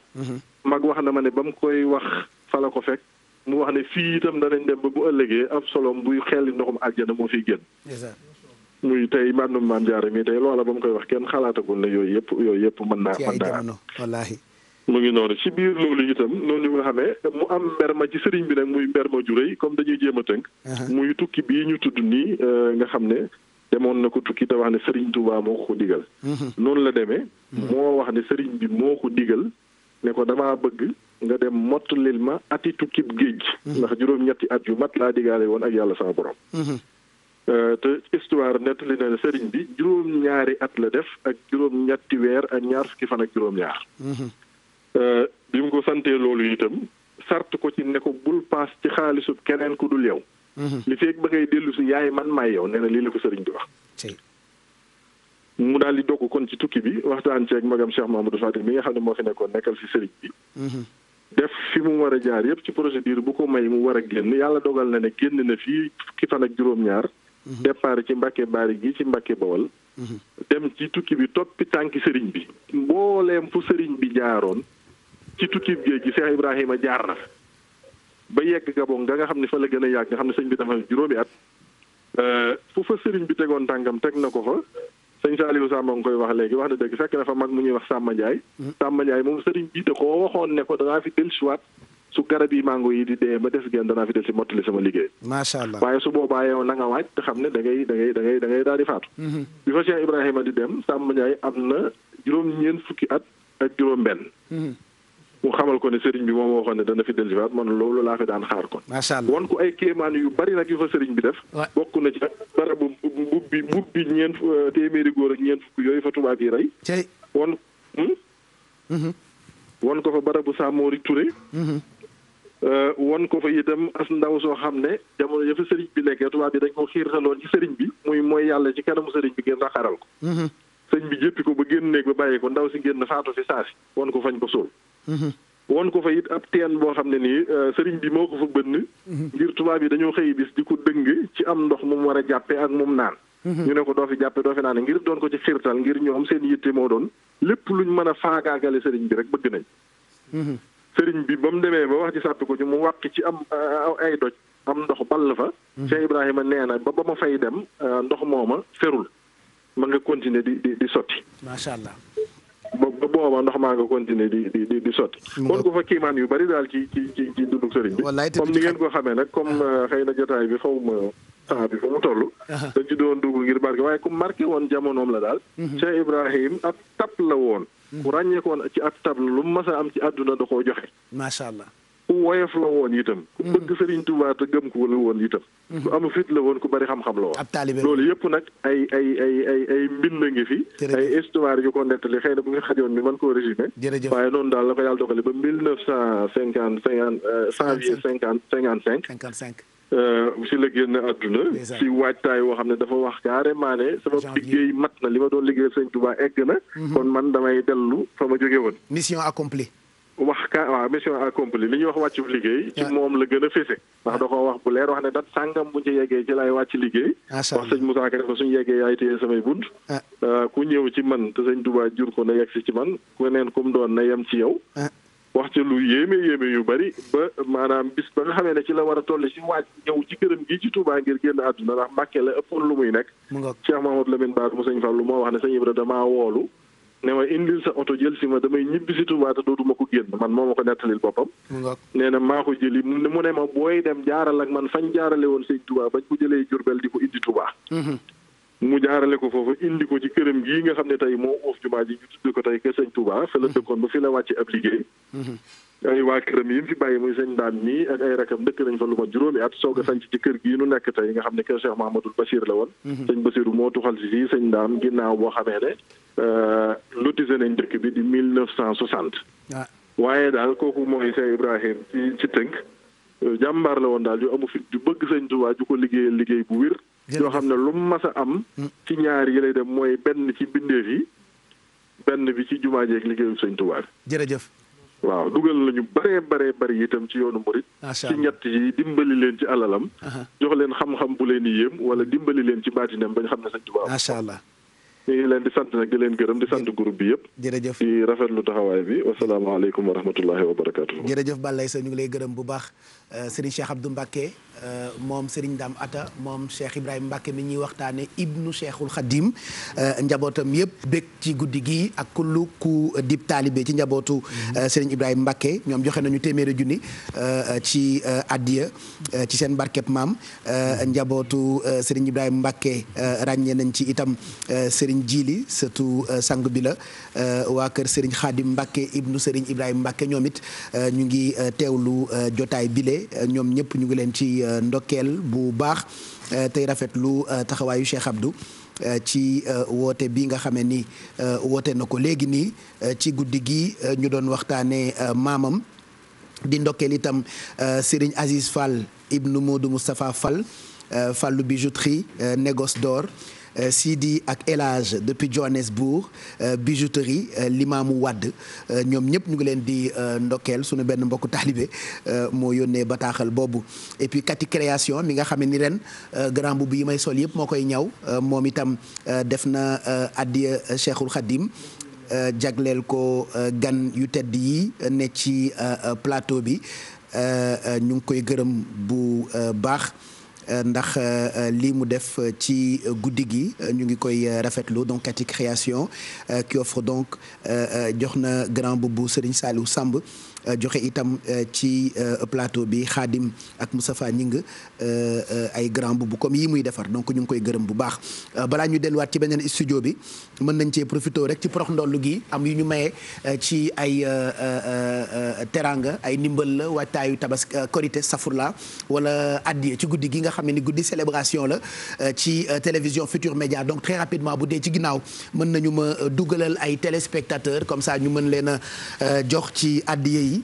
mag wax na ma ne ba mu koy wax fala ko fekk mu wax ne fii itam danañ dem ba bu ëllëgee ab solom buy xelli ndoxum aljana moo fiy génn muy tey mbàndum maam jaare mi tey loola ba mu koy wax kenn xalaatagul ne yooyu yëpp yooyu yëpp mën naa mën mu ngi noonu ci biir loolu itam noonu ñu nga xamee mu am mberma ci muy mberma ju rëy comme dañuy jéem tukki bii ñu tudd nii euh, nga xam ne demoon na ko tukki te wax ne sëriñ Touba moo ko ko digal mhm. noonu la demee mhm. moo wax ne sëriñ bi moo ko digal ne ko damaa bëgg nga dem mottalil ma ati tukkib géej mhm. ndax juróom-ñetti at yu mat laa digaale woon ak yàlla sama borom Euh, te histoire nettali na sëriñ bi juróom-ñaari at la def ak juróom-ñetti weer ak ñaar fukki fan ak juróom-ñaar. Mhm. Euh, bi mu ko santee loolu itam sart ko ci ne ko bul paas ci xaalisub keneen ku dul yow. Mhm. li feeg ba ngay dellu si yaay man maay yow nee na lii la ko sëriñ bi wax. mu daal di dogg kon ci tukki bi waxtaan ci ceeg magam Cheikh Mamadou te bi nga xam ne moo fi nekkoon nekkal si sëriñ bi. Mhm. def fi mu war a jaar yëpp ci procédure bu ko may mu war a génn yàlla dogal na ne génn na fii fukki ak juróom-ñaar. Mm-hmm. départ ci Mbàkke Baari gi ci Mbàkke Bawol mm-hmm. dem ci tukki bi toppi tànki sëriñ bi mbooleem fu sëriñ bi jaaroon ci tukki géej gi Cheikh Ibrahima jaar na fa ba yegg Gabon nga nga xam ne fa la gën a yàgg nga xam ne sëñ bi dafa juróomi at euh, fu fa sëriñ bi tegoon tànkam teg na ko ko sëñ Saliou Samba nga koy wax léegi wax na dëgg fekk na fa mag mu ñuy wax Samba Ndiaye mm-hmm. Samba Ndiaye moom sëriñ bi da koo waxoon ne ko dangaa fi dellusiwaat su garab yi mango yi di dee ma des ngeen danaa fi del si mottali sama liggéey macha allah waaye su boobaa yow na nga waaj te xam ne da ngay da ngay da ngay da ngay daal di faatu mhm. bi fa Cheikh Ibrahima di dem Samba Ndiaye am na juróom-ñeent fukki at ak juróom-benn mhm. mu xamal ko ne sëriñ bi moom waxoon ne dana fi dellu si waat man loolu laa fi daan xaar kon macha allah won ko ay kéemaan yu bari nag yu fa sëriñ bi def bokk na ci ak barabu mbub bi mbub bi ñeen euh, téeméeri góor ak ñeen fukk yooyu fa tubaab yi rey won hmm? mhm. won ko fa barabu Samori Touré won ko fa itam as ndaw soo xam ne jamono yëfa sëriñ bi nekkee tubaab bi dañ ko xiirtaloon ci sëriñ bi muy mooy yàlla ci kanamu sëriñ bi ngeen saxaral ko mhm. sëriñ bi jëppi ko ba génn néeg ba bàyyi ko ndaw si génn faatu fi saasi won ko fañ ko suul mhm. won ko fa it ab teen boo xam ne nii euh, sëriñ bi moo ko fa bënn mhm. ngir tubaab yi dañoo xëy bis di ko dëng ci am ndox mu war a jàppe ak moom naan ñu ne ko doo fi jàppe doo fi naan ngir doon ko ci xiirtal ngir ñoom seen yitte moo doon lépp luñ mën a faagaagale sëriñ bi rek bëgg nañ sëriñ bi ba mu demee ba wax ci sàppi ko ci mu wàq ci am euh, ay doj am ndox ball fa mm-hmm. Cheikh Ibrahima nee na ba ba ma fay dem euh, ndox mooma ferul ma nga continuer di di di sotti macha allah ba booba ndox maa nga continuer di di di di sotti kon ko fa kiimaan yu bari daal ci ci ci ci dundug sëriñ bi comme ni ngeen ko xamee nag comme ah. euh, xëy na jotaay bi xaw ma saa bi fa mu toll. dañ ci doon dugg ngir barke waaye ku marqué woon jamonoom la daal. Mhm. Cheikh Ibrahim ab tab la woon. Mhm. ku ràññeekoon ci ab tab la lu mu mës a am ci àdduna da koo joxe. macha allah. ku woyof la woon itam. ku mhm. bëgg Serigne Touba te gëm ko la woon itam. ku am fit la woon ku bari xam-xam la woon. ab taalibe loolu yëpp nag ay ay ay ay ay mbind ngi fi. ay histoire yu ko nettali xëy na bu nga xajoon bi mën koo résumé. waaye noonu daal la ko yàlla dogalee ba mille neuf cent cinquante cinquante euh, janvier cinquante cinquante cinq. si la génn àdduna si waajtaay woo xam ne dafa wax carrément ne sama liggéey mat na li ma doon liggéey sëñ Touba egg na mhm. kon man damay dellu fa ma jóge woon mission accomplie wax ka waaw mission accomplie li ñuy wax wàccu liggéey ci moom la gën a fese ndax da koo wax bu leer wax ne dat sàngam bu ñu ci yeggee ci laay wàcc liggéey wax sëñ Moussa Ka ko suñu yeggee yaay téye samay bunt euh, ku ñëw ci man te sëñ Touba jur ko na yegg si ci man ku neen kum doon na yem ci yow wax ca lu yéeme yéeme yu bari ba maanaam bis ba nga xamee ne ci la war a toll ci waaj ñëw ci këram gi ci Touba ngir génn àdduna ndax Mbàkke la ëppoon lu muy nekk. Cheikh Mahamadou Lamine Bara mu sëñ Fallu moo wax ne sëñ Ibra damaa woolu ne ma indil sa oto jël si ma damay ñibbi si Touba te dootuma ko génn man moo ma ko nettalil boppam. nee na maa ko jëli mu ne ma booy dem jaaral ak man fañ jaarale woon sëñ Touba bañ ko jëlee Jurbel di ko mu jaarale ko foofu indi ko ci këram gi nga xam ne tey moo uuf jumaa ji ñu ko tey kër sëñ Touba fa la mhm. dëkkoon ba fi la wàcce ab liggéey mhm. ay waa këram yi mu fi bàyyi muy sëñ daan nii ak ay rakam dëkk nañ fa lu ma juróomi at soog a mhm. sanc ci kër gii nu nekk tey nga xam ne kër Cheikh Mahamadul Bachir la woon sëñ Bachir moo tuxal si fii sëñ daan ginnaaw boo xamee ne euh, lotise nañ dëkk bi di mille neuf cent soixante ah. waaye daal kooku mooy Cheikh Ibrahim ci ci tënk euh, la woon daal yu amu fit ju bëgg ko liggéeyal liggéey bu wér yoo xam ne lu mas a am. Hmm. ci ñaar yi lay dem mooy benn ci bindeef yi benn bi ci jumaa jeeg liggéeyu sëñ Tuubaa jërëjëf. waaw dugal nañu bare bare bari itam ci yoonu murit ci ñett yi dimbali leen ci alalam jox leen xam-xam bu leen yéem wala dimbali leen ci baatinam bañ xam ne sëñ Tuubaa macha allah ñu ngi leen di sant nag di leen gërëm di sant groupe bi yëpp jërëjëf rafet lu taxawaay bi wasalaamaaleykum wa rahmatullahi wa barakatuh jërëjëf Balaye sa ñu ngi lay gërëm bu baax euh, Serigne Cheikh Abdou Mbacké Euh, moom Serigne Dame Atta moom Cheikh Ibrahima Mbacke mi ñuy waxtaane ibnu Cheikhul Khadim euh, njabootam yëpp bég ci guddi gi ak kullu ku dib taalibe ci njabootu mhm. euh, Serigne Ibrahima Mbacke ñoom joxe nañu téeméeri junni ci addiya ci seen barkeb maam mhm. njabootu Serigne Ibrahima Mbacke ràññee nañ ci itam Serigne Jili surtout sang bi la waa kër sëriñ Khadim Mbacke ibnu sëriñ Ibrahima Mbacke ñoom ñu ngi teewlu jotaay bile ñoom ñëpp ñu ngi leen ci Euh, ndokkeel bu baax euh, tey rafetlu euh, taxawaayu Cheikh Abdou ci woote bi nga xame ni woote na ko léegi nii ci guddi gi ñu doon waxtaanee maamam di ndokkeel itam Serigne Aziz Fall ibnu Modou Moustapha Fall Fallu bijouterie négoce d'or Euh, Sidi ak El Hadj depuis Johannesburg euh, bijouterie euh, Limamou wàdd ñoom ñëpp ñu ngi leen di ndokkeel suñu benn mbokku taalibe moo yónnee bataaxal boobu et puis kati création mi nga xam ne ni ren grand boubou yi may sol yëpp moo koy ñaw moom itam def na addiya Cheikhul Khadim jagleel ko gan yu tedd yi ne ci plateau bi ñu ngi koy gërëm bu baax ndax euh, euh, lii mu def euh, ci guddi gi ñu ngi koy rafetlu donc Kati Création qui offre donc jox na grand boubou Serigne Saliou Samb Euh, joxe itam euh, ci euh, plateau bi Xaadim ak Moustapha Ñing ay grand boubou comme yi muy defar donc ñu ngi koy gërëm bu baax balaa ñu delluwaat ci beneen studio bi mën nañ cee profité rek ci prox ndollu gi am yu ñu maye ci ay teranga ay ndimbal la waajtaayu tabas korité safurla wala addiye ci guddi gi nga xam ne ni guddi célébration la ci télévision Futur Média donc très rapidement bu dee ci ginnaaw mën nañu ma dugalal ay téléspectateurs comme ça ñu mën leen a jox ci addiye yi